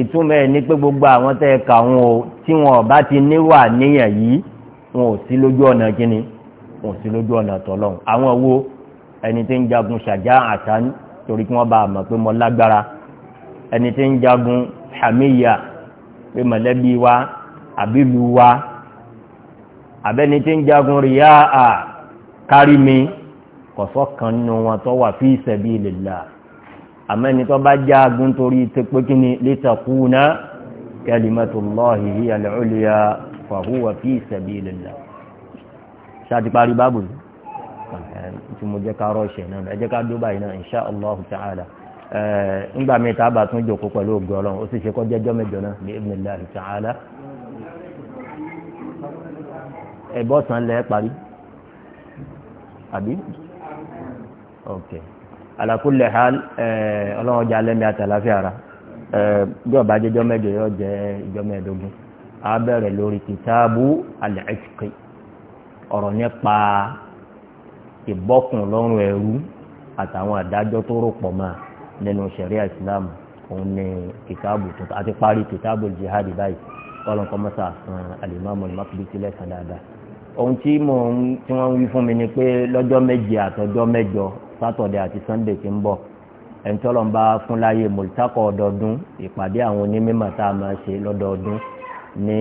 ìtumọ̀ ẹ̀ ní pé gbogbo àwọn tẹ kà wọn o tí wọn ò bá ti níwà níyàn yìí wọn ò sí lójú ọ̀nà kínní wọn sí lójú ọ̀nà tọlọ́run àwọn wo ẹni tí ń jagun ṣàjá àtàn torí kí wọ́n bá a mọ̀ pé mo lágbára ẹni tí ń jagun hamiya pé mọ̀lẹ́bí wa àbílù wa àbẹ́ni tí ń jagun ríyá à kárí mi kọ̀sọ́ kan nínú wọn tó wà fi sabilillah àmẹ́ni tó bá jagun torí ti pé kí ni litakuna kalimatullahi hiya al-ulya fa huwa fi sabilillah ṣáàtì parí báàbù ní tí mo jẹ́ ká rọ́ọ̀ṣẹ̀ náà ẹ jẹ́ ká dó báyìí náà insha allah ta'ala ńgbà mi ta bá tún jòkó pẹ̀lú ògùn ọlọ́run ó sì ṣe kọjá jọ́ mẹ́jọ náà ní ibn allah ta'ala lẹ́ parí àbí ok ala kulli ọlọ́run ọjà lẹ́mí àtàláfíà bí ọba yóò jẹ́ mẹ́ẹ̀ẹ́dógún lórí kìtàbù ọ̀rọ̀ nípa ìbọ́kùn lọ́rùn ẹrú àtàwọn àdájọ́ tó rò pọ̀ mọ́ nínú ṣẹ̀ríà ìsìlámù òun ni kìtáàbù tuntun àti parí kìtáàbù jihad báyìí kọ́lọ́n kọ́ mọ́sà san alimami makidisi lẹ́sàn dáadáa ohun tí mò ń tí wọ́n wí fún mi ni pé lọ́jọ́ méje àtọjọ́ mẹ́jọ sátọ̀dẹ̀ àti sànńdẹ̀ tí ń bọ̀ ẹ̀ńtọ́lọ̀ ń bá fún láyé mọ̀lítàkọ̀ ọdọọdún ìpàdé àwọn onímọ̀ tá a máa ṣe lọ́dọọdún ní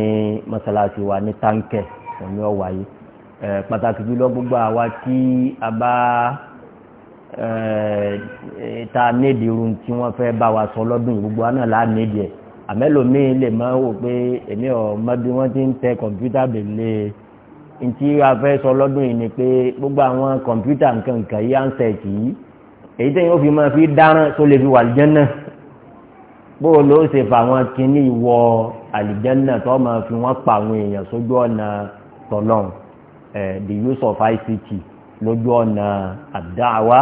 mọ́sálásí wa ní táǹkẹ̀ òní ọ̀wáyé Eh, pàtàkì jùlọ gbogbo àwa tí a bá eh, eh, ta nídìí irun tí wọ́n fẹ́ bá wa sọ lọ́dún gbogbo wa náà láà nídìí ẹ̀ àmẹ́lòmíì lè máa wò pé èmi ò mọ wọ́n ti ń tẹ kọ̀ǹpútà bèlè ntí a fẹ́ sọ lọ́dún yìí ni pé gbogbo àwọn kọ̀ǹpútà nǹkan nǹkan yìí handset yìí èyí tẹ́yìn ó fi máa fi dáràn tó lè fi wà àlìjẹ́nà bó o ló ṣe fà wọn kínní ìwọ àlìjẹ́nà tó máa fi wọ́n pa àwọn èèyàn sójú ọ̀nà tọ̀lọ́hùn. Eh, the use of ICT lójú ọ̀nà ad-da'wa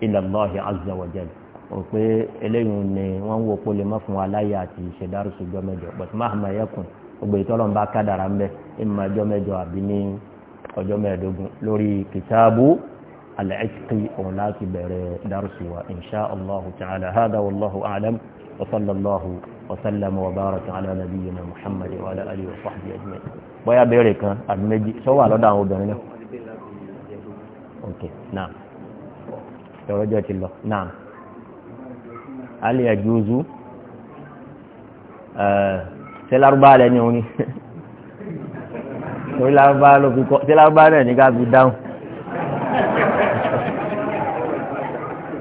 ila Allah azza wa jalla o pé eléyìí ni wọ́n ń wo pé lè fún wa àti ìṣẹ̀dáru ṣùgbọ́n mẹ́jọ but mahama yẹkùn gbogbo ìtọ́lọ̀ ń bá kádàrà ń bẹ ìmọ̀ ọjọ́ mẹ́jọ àbí ní ọjọ́ mẹ́ẹ̀ẹ́dógún lórí kìtàbù al-itqi òun láti bẹ̀rẹ̀ dárúsù insha allahu ta'ala hada wallahu a'lam wa sallallahu wa sallama wa baraka ala nabiyyina muhammad wa ala alihi wa sahbihi ajma'in bóyá béèrè kan àbí méjì sọ wà lọ́dọ̀ àwọn obìnrin náà. ok naam ìrọ́jọ́ ti lọ naam alẹ́ ẹ̀júzú ṣé lárúbá alẹ́ ni òun ni torí lárúbá ló fi kọ́ ṣé lárúbá náà ní ká fi dáhùn.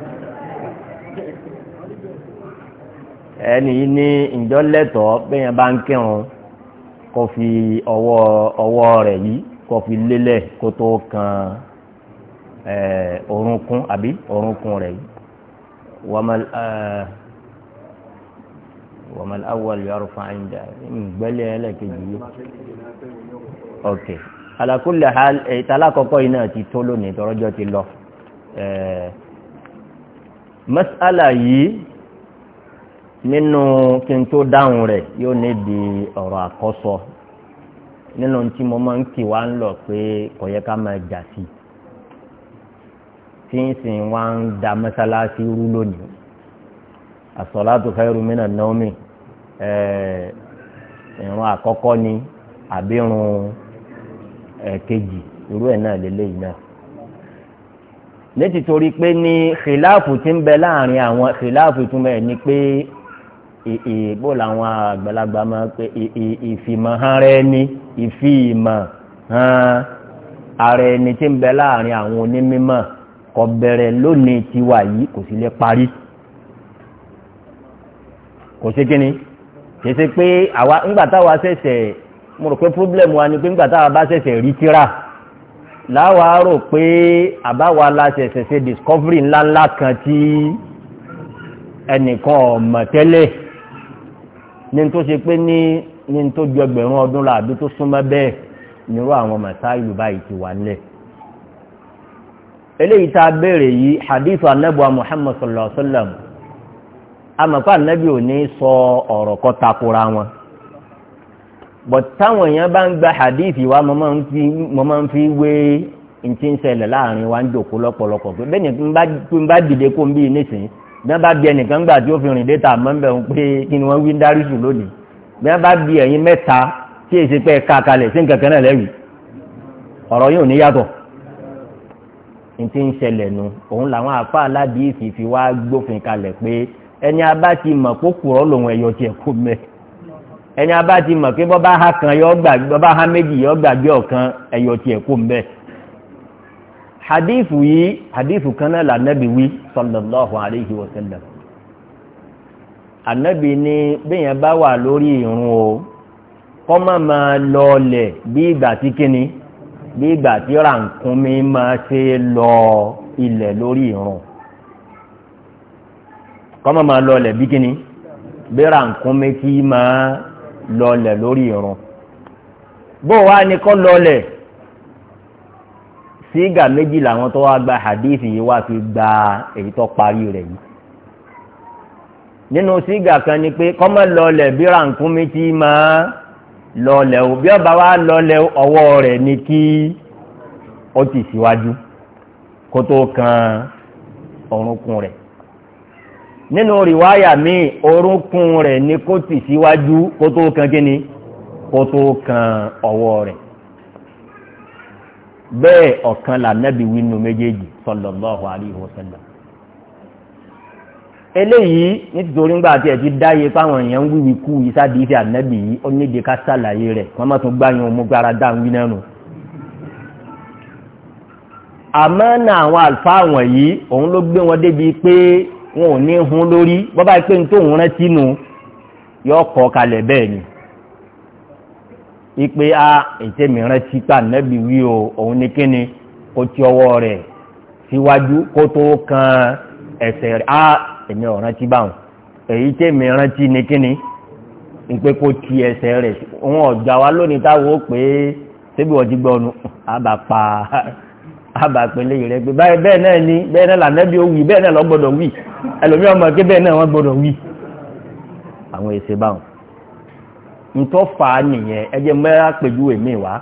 ẹni yìí ní ìjọ lẹ́tọ̀ọ́ bá ń kírun kó fi ọwọ́ ọwọ́ rẹ̀ yìí kó fi lélẹ̀ kó tó kan orúnkún àbí orúnkún rẹ̀ yìí wàmàl wàmàl awwal yarfa inda gbẹ́lẹ̀ ẹlẹ́kejì yìí ok ala kulli hal yìí náà ti tó lónìí tọrọjọ́ ti lọ mas'ala yìí nínú kí n tó dáhùn rẹ̀ yóò ní di ọ̀rọ̀ àkọ́sọ nínú tí mo máa ń kì wá ń lọ pé kò yẹ ká máa jà sí tí ń sìn wá ń da mọ́sálásí rú lónìí as-salatu khairu minan nawmi ìrun àkọ́kọ́ ni àbí ìrun ẹ̀kejì irú ẹ̀ náà lélẹ́yìí náà létí torí pé ní khìláàfù tí ń bẹ láàrin àwọn khìláàfù túmọ̀ ẹ̀ ni pé ìbò làwọn àgbàlagbà máa pé ìfìmọ̀ hàn rẹ ni ìfi ìmọ̀ hàn ara ẹni tí ń bẹ láàrin àwọn onímọ̀ kò bẹ̀rẹ̀ lónìí tiwa yìí kò sì lè parí kò sí kí ni kìí ṣe pé àwa ńgbà táwa ṣẹ̀ṣẹ̀ mo rò pé problem wa ni pé ńgbà táwa bá ṣẹ̀ṣẹ̀ rí tíra láwa rò pé àbáwa la ṣẹ̀ṣẹ̀ ṣe discovery ńláńlá kan tí ẹnìkan ò tẹ́lẹ̀ ní tó ṣe pé ní ní tó ju ẹgbẹ̀rún ọdún la àbí tó súnmọ́ bẹ́ẹ̀ nírú àwọn mọ̀sáìlú báyìí ti wà nílẹ̀ eléyìí tá a béèrè yìí hadith anabu muhammad sallallahu alaihi wa sallam amọ̀pá anabi ò ní sọ ọ̀rọ̀ kọ́ takora wọn but táwọn èèyàn bá ń gba hadith wa mo máa ń fi wé ntí ń ṣẹlẹ̀ láàrin wa ń jòkó lọ́pọ̀lọpọ̀ pé bẹ́ẹ̀ ni n bá dìde kó n bí nísìnyí bí wọ́n bá bí ẹnìkan gbà tí ó fi rìn déta mọ́ ń bẹ̀ ń pé kí ni wọ́n wí ń dárí sùn lónìí bí wọ́n bá bí ẹ̀yin mẹ́ta tí èsì pẹ́ ká kalẹ̀ sí nǹkan kan náà lẹ́wì ọ̀rọ̀ yóò ní yàtọ̀ n ti ń ṣẹlẹ̀ nu òun làwọn àpá aládìísì fi wá gbófin kalẹ̀ pé ẹni abá ti mọ̀ kó kùrọ̀ lòun ẹ̀yọ̀ tiẹ̀ kó mẹ́ ẹni abá ti mọ̀ pé bọ́ bá ha kan yọ gbà bọ́ bá ha méjì yọ gbàgbé ọ̀kan ẹ̀yọ̀ tiẹ̀ kó mẹ́ hadithu yìí hadithu kan náà lànàbí wí sallallahu alayhi wa sallam ànàbí ni bẹ́yẹn bá wà lórí ìrun o kọ́ má máa lọlẹ̀ bí ìgbà tí kíni bí ìgbà tí rànkúnmi máa ṣe lọ ilẹ̀ lórí ìrun kọ́ má máa lọlẹ̀ bí kíni bí rànkúnmi tí máa lọlẹ̀ lórí ìrun bó wá ní kọ́ lọlẹ̀ sígà méjì làwọn tó wá gba hadith yìí wá fi gba èyí tó parí rẹ̀ yìí nínú sígà kan ni pé kọ́mọ lọlẹ̀ bí rànkúnmí tí máa lọlẹ̀ o bí ọba wa lọlẹ̀ ọwọ́ rẹ̀ ni kí ó ti síwájú kó tó kan orúnkún rẹ̀ nínú rìwáyà míì orúnkún rẹ̀ ni kó ti síwájú kó tó kan kíni kó tó kan ọwọ́ rẹ̀ bẹ́ẹ̀ ọ̀kan lànàbí wínú méjèèjì sallallahu alaihi wasallam eléyìí nítorí ńgbà tí ẹ ti dáyé fáwọn èèyàn ń wíwí kú ìsádìísí ànábì yìí ó ní ìdíkà sàlàyé rẹ̀ wọ́n má tún gbáyàn ọmọ gbára dáhùn wí náà nù àmọ́ náà àwọn àlùfáà wọ̀nyí òun ló gbé wọn débi pé wọn ò ní hun lórí bọ́bá pé ní tóun rántí nù yọ ọkọ̀ kalẹ̀ bẹ́ẹ̀ ni ipe a ètè mìíràn ti ta nẹ́bi wí o òun ni kíni kó ti ọwọ́ rẹ̀ síwájú kó tó kan ẹsẹ̀ rẹ̀ a èmi ọ̀ràn ti báwọn èyí tè mìíràn ti ni kíni ipe kó ti ẹsẹ̀ rẹ̀ òun ọ̀jà wa lónìí táwọn ó pè é sébi wọ́n ti gbọ́ ọ̀nù àbá pa àbá pẹ̀lẹ́ rẹ̀ pé báyìí bẹ́ẹ̀ náà ni bẹ́ẹ̀ náà lànẹ́bi ó wí bẹ́ẹ̀ náà lọ́ gbọ́dọ̀ wí ẹlòmíràn mọ̀ pé bẹ́ẹ̀ náà wọ́n gbọ́dọ̀ wí àwọn èsè báwọn ntọ́ fà á nìyẹn ẹ jẹ́ mẹ́rà pẹ̀lú èmi wá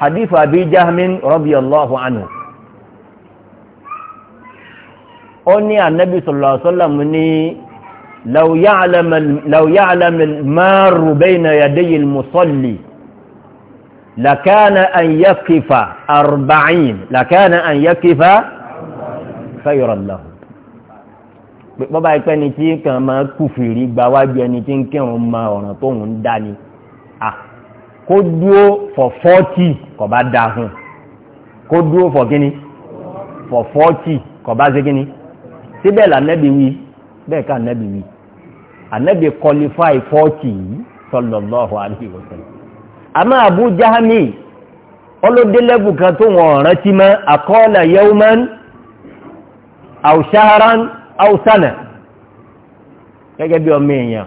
hadith abi jahmin radiyallahu anhu ó ní anabi sallallahu alaihi wasallam ní law ya'lam al-maru bayna yadayi al-musalli lakana an yakifa arba'in lakana an yakifa khayran lahu bọ́bá ẹgbẹ́ ni tí kàn máa kùfìrí gba wájú ẹni tí ń kírun ma ọ̀ràn tóun ń dá ni kó dúó for forty kò bá dáa fún kó dúó for kíni for forty kò bá ṣe kíni síbẹ̀ lànẹ́bí wí bẹ́ẹ̀ ká ànẹ́bí wí ànẹ́bí qualify forty yìí sallallahu alaihi wasallam àmọ́ Abu Jahmi ọlọ́dẹ́lẹ́bù kan tó wọ̀n rántí mọ́ àkọọ́lẹ̀ yawman aw hausana gẹ́gẹ́ bí ọmọ èèyàn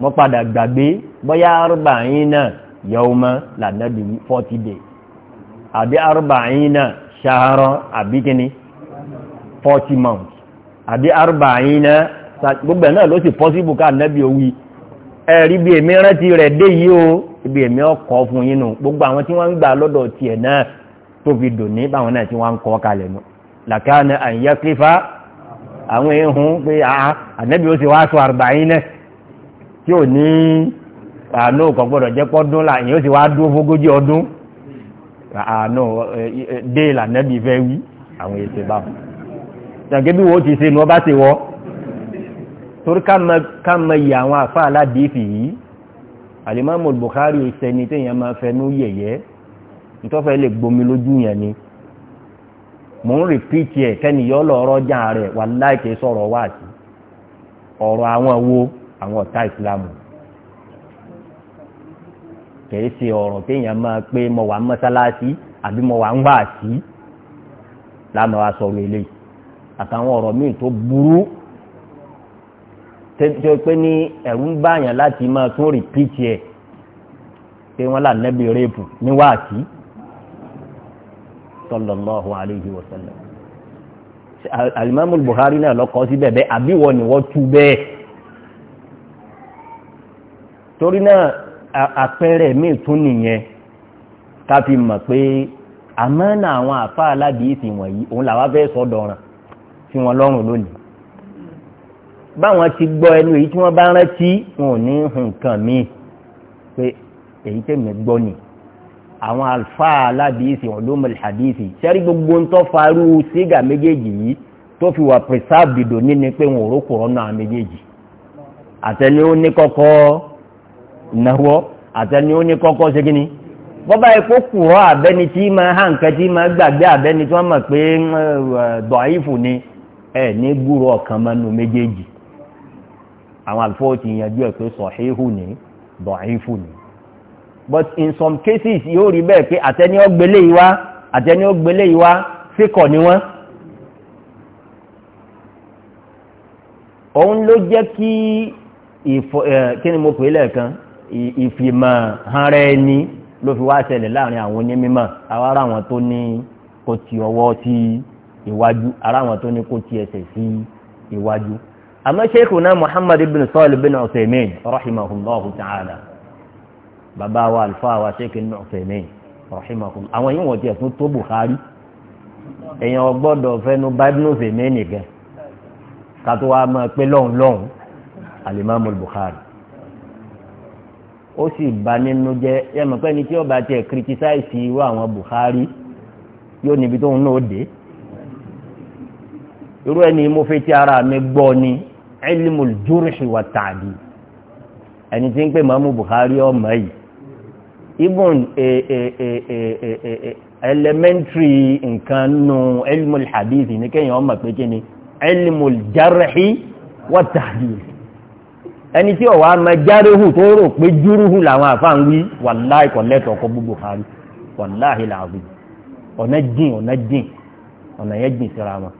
mo padà gbàgbé bóyá arúgbà yín náà yawma lànàbí forty days àbí arúgbà yín náà ṣahara àbí kíní forty months àbí arúgbà yín náà gbogbo ẹ̀ náà ló sì possible ká ànábì owí ẹ̀rí bí èmi rántí rẹ̀ dé yìí o ibi èmi ọkọ̀ fún yín nù gbogbo àwọn tí wọ́n ń gbà lọ́dọ̀ tiẹ̀ náà tó fi dùn ní báwọn náà tí wọ́n ń kọ́ kalẹ̀ nù làkàna àyẹ́kífà àwọn ehun pé ah, ànábì ó ti wá sọ àrùbáyín náà tí ò ní àánú ah, kò gbọdọ̀ jẹ́ pọ́dún là yìí ó ti wá dún fógójì ọdún àánú ah, dé lànábì fẹ́ wí àwọn ètò ìbáwọ̀ ṣàgẹ́ bí wo ti ṣe ni wọ́n bá ṣe wọ́ torí ká mọ iye àwọn àfa aládìífì yìí alimami Bukhari ìṣẹ́ni téèyàn máa fẹnu yẹ̀yẹ́ nítọ́fẹ́ lè gbomi lójú yẹn ni. mò ń rìpíìtì ẹ̀ kẹ́niyàn lọ́ọ́rọ́ jà rẹ̀ wà láìké sọ̀rọ̀ wá sí ọ̀rọ̀ àwọn wo àwọn ọ̀tá ìsìlámù kìí ṣe ọ̀rọ̀ máa pé mo wà mọ́sálásí àbí mo wà ń sí wa sọ̀rọ̀ eléyìí àtàwọn ọ̀rọ̀ míì tó burú pé ní ń báyàn láti máa tún pé wọ́n là ní sallallahu الله عليه وسلم. alimami البخاري náà lọ kọ sí bẹ̀bẹ̀ àbí wọ́n ni wọ́n tú bẹ́ẹ̀ torí náà àpẹẹrẹ míì tún nìyẹn ká fi mọ̀ pé àmánà àwọn àfa aládìísì wọ̀nyí òun làwọn fẹ́ sọ̀dọ̀ràn sí wọn lọ́rùn lónìí báwọn ti gbọ́ ẹnu èyí tí wọ́n bá rántí wọn ò ní nǹkan míì pé èyí tẹ̀mí gbọ́ nìyí àwọn alfa aládìísì ulumul hadisi sẹ́rí gbogbo ń tọ́ farú sígà méjèèjì yìí tó fi wà pẹ̀sáàbìdò nínú pé wọn ò rókò rọ́nà méjèèjì àtẹni ó ní kọ́kọ́ náwó àtẹni ó ní kọ́kọ́ ṣe kíni bọ́bá epo kùrọ́ abẹ́ni tí máa hàn kẹ́ tí máa gbàgbé abẹ́ni tí wọ́n mọ̀ pé dọ̀ọ́yìfù ni ẹ̀ ní gbúrò ọ̀kan mọ́nu méjèèjì àwọn àlùfáà ti yanjú ẹ̀ pé sọ̀híhù but in some cases yóò rí bẹ́ẹ̀ pé àtẹni ó gbélé yìí wá àtẹni ó gbélé yìí wá síkọ̀ ni wọ́n. òun ló jẹ́ kí ìfọ ẹ kí ni mo pè é lẹ́ẹ̀kan ìfìmọ̀ hanra ẹni ló fi wá ṣẹlẹ̀ láàrin àwọn onímọ̀ àwọn ará àwọn tó ní kò ti ọwọ́ sí iwájú ará àwọn tó ní kò ti ẹsẹ̀ sí iwájú. àmọ́ Sheikhuna Muhammad ibn Salih ibn Uthaymin rahimahullahu ta'ala bàbá wa àlùfáà wa ṣéèkì ní ọ̀fẹ̀mí rahimakum àwọn yìí wọ́n tiẹ̀ tún tó Bukhari èèyàn gbọ́dọ̀ fẹ́nu bábínú fèmí nìkan kátó wa máa pé lọ́hùn lọ́hùn alimami Bukhari ó sì bá nínú jẹ́ yẹ mọ̀ pé ní tí ọba tiẹ̀ kìrìtìsáìsì irú àwọn Bukhari yóò níbi tó ń náà dé irú ẹni mo fi ti ara mi gbọ́ ni ilmul jurhi wa ta'dil ẹni tí ń pè mọ́mú Bukhari ọmọ yìí even elementary nǹkan nù ilmul hadith ní kéèyàn ọmọ pé kí ni ilmul jarhi wa tahdith ẹni tí ọ̀wá ma járihù tó rò pé júrùhù làwọn àfáàn wí wàláì kọ̀lẹ́tọ̀ ọkọ̀ gbogbo harí wàláì làwọn ọ̀nà jìn ọ̀nà jìn ọ̀nà yẹn jìn síra wọn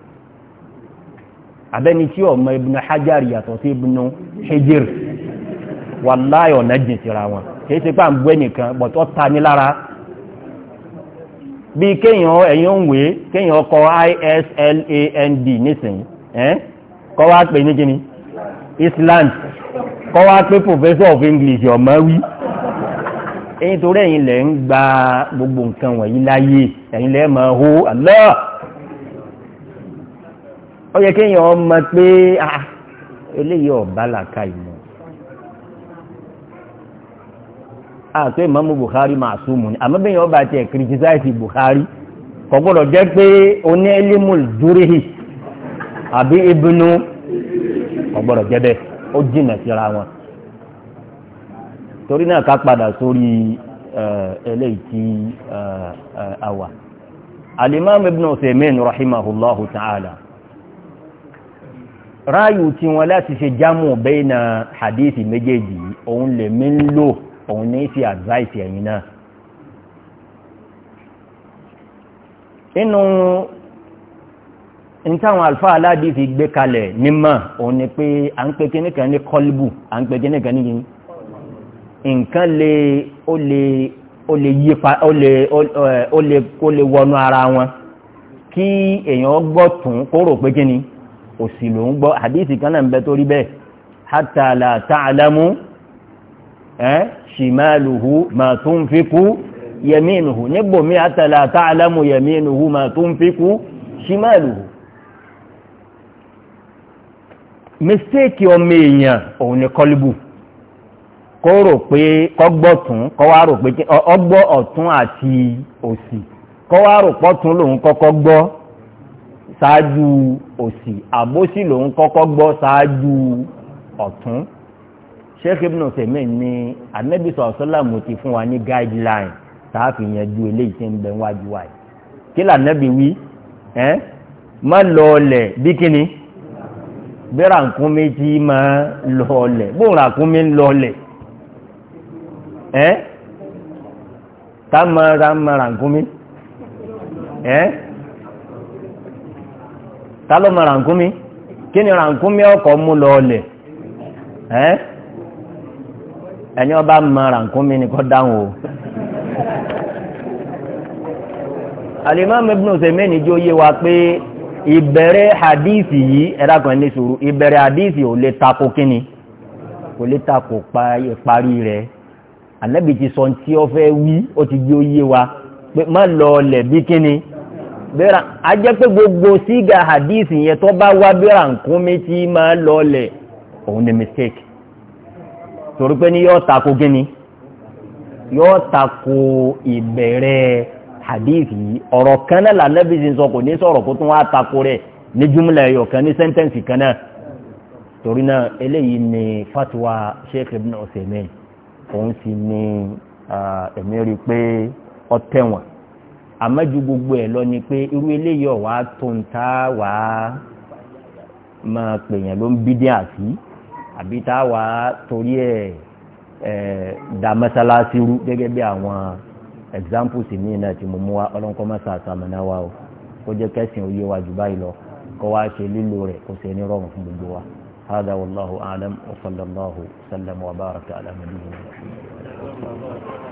abẹ́ni tí ọmọ ibùnú hajjari yàtọ̀ sí ibùnú hijir wàláì ọ̀nà jìn síra wọn kìí ṣe pà ń bú ẹnìkan bọ̀tọ́ ta ní lára bí kéèyàn ẹ̀yìn òǹwé kéèyàn kọ island nísìnyí kọ́ wá pè ní kíni island kọ́ wá pé professor of english ọ̀mọ́ wí ẹ̀yin torí ẹ̀yin lẹ̀ ń gba gbogbo nǹkan wọ̀nyí láyé ẹ̀yin lẹ̀ máa hó Allah ó yẹ kéèyàn mọ̀ pé ah, eléyìí ọ̀bá làkà ìmọ̀ àpé ah, ìmọ̀mù Bukhari màsúmù ni àmọ́ bẹ́ẹ̀ yẹn ọba tiẹ̀ kìrìtìsáìsì Bukhari kò gbọ́dọ̀ jẹ́ pé oní elimul dúrihì àbí ibùnú kò gbọ́dọ̀ jẹ́ bẹ́ẹ̀ ó jìnà síra wọn torí náà ká padà sórí eh, eléyìí àwà eh, alimami ibn Uthaymin rahimahullahu ta'ala ráàyù tí wọn láti ṣe jámù bẹ́ẹ̀ na hadithi méjèèjì òun lè mí lò òun ní fi advice ẹ̀yin náà. inú ntáwọn alfa aláàdì fi gbé kalẹ̀ mímọ̀ òun ni pé à ń pe kíní kan ní kọ́líbù à ń pe kíní kan ní yìí nǹkan lè ó lè ó lè yípa ó lè ó lè ó lè wọnú ara wọn kí èèyàn gbọ́ tún kó rò pé kíni òsì ló ń gbọ́ àdìsí kan náà ń bẹ torí bẹ́ẹ̀ hátà là tá àlámú ẹ́ shimaluhu ma tunfiku yaminuhu níbòmí atala ta'lamu yaminuhu ma tunfiku shimaluhu. mistake ọmọ èèyàn òun ni kọlíbù kó rò pé kọgbọ́tún kó wá rò pé ọgbọ́ ọ̀tún àti òsì kó wá pọ́tún lòun kọ́kọ́ gbọ́ ṣáájú òsì àbósì lòun kọ́kọ́ gbọ́ ṣáájú ọ̀tún sheikh ibn Uthaymeen ní anabi sọ̀rọ̀ sọ́lá mo ti fún wa ní guideline tààfin yẹn ju eléyìí tí ń bẹ wájú wa yìí kí lànàbí wí ẹ má lọ ọlẹ̀ bí kíni bí ràkúnmí tí máa lọ ọlẹ̀ bó ràkúnmí ń lọ ọlẹ̀ ẹ tá máa ra máa ràkúnmí ẹ tá ló máa ràkúnmí kí ni ràkúnmí ọkọ̀ mú lọ ọlẹ̀ ẹ. Eh? ẹni ọba mara nǹkan mi nìkan dáhùn o. alimami ibn Usaymin ni jó yé wa pé ìbẹ̀rẹ̀ hadithi yìí ẹ̀dá kan ní sùúrù ìbẹ̀rẹ̀ hadithi ò lè tako kíni kò lè tako parí rẹ̀ ànábì ti sọ tí ó fẹ́ wí ó ti jó yé wa pé má lọ ọlẹ̀ bí kíni bẹ́ẹ̀rẹ̀ a jẹ́ pé gbogbo sígà hadithi yẹn tó bá wá bẹ́ẹ̀rẹ̀ nkúmi tí máa lọ ọlẹ̀ òun ni mistake torí pé ní yóò tako gíní yóò tako ìbẹ̀rẹ̀ hadithi ọ̀rọ̀ kan náà lànàbí ti sọ kò ní sọ̀rọ̀ kó tún wá tako rẹ̀ ní júmùlẹ̀ ẹ̀yọ̀ ní sẹ́ńtẹ́ǹsì kan torí náà eléyìí ni fatwa sheikh ibn òun sì ni ẹ̀mí rí i pé ọ tẹ̀wọ̀n àmọ́jú gbogbo ẹ̀ lọ ni pé irú eléyìí ọ̀wá tó ń ta wàá máa pèèyàn ló ń bídí àti àbí tá a wà torí ẹ̀ ẹ̀ dá mọ́sálásí rú gẹ́gẹ́ bí àwọn examples míì náà ti mú mú wa ọlọ́nkọ́ mọ́sá àsàmọ́ná wa o kó jẹ́ kẹ́sìn òye wa jù báyìí lọ kó wá ṣe lílo rẹ̀ kó ṣe ní rọrùn fún gbogbo wa هذا والله أعلم وصلى الله وسلم وبارك على نبينا محمد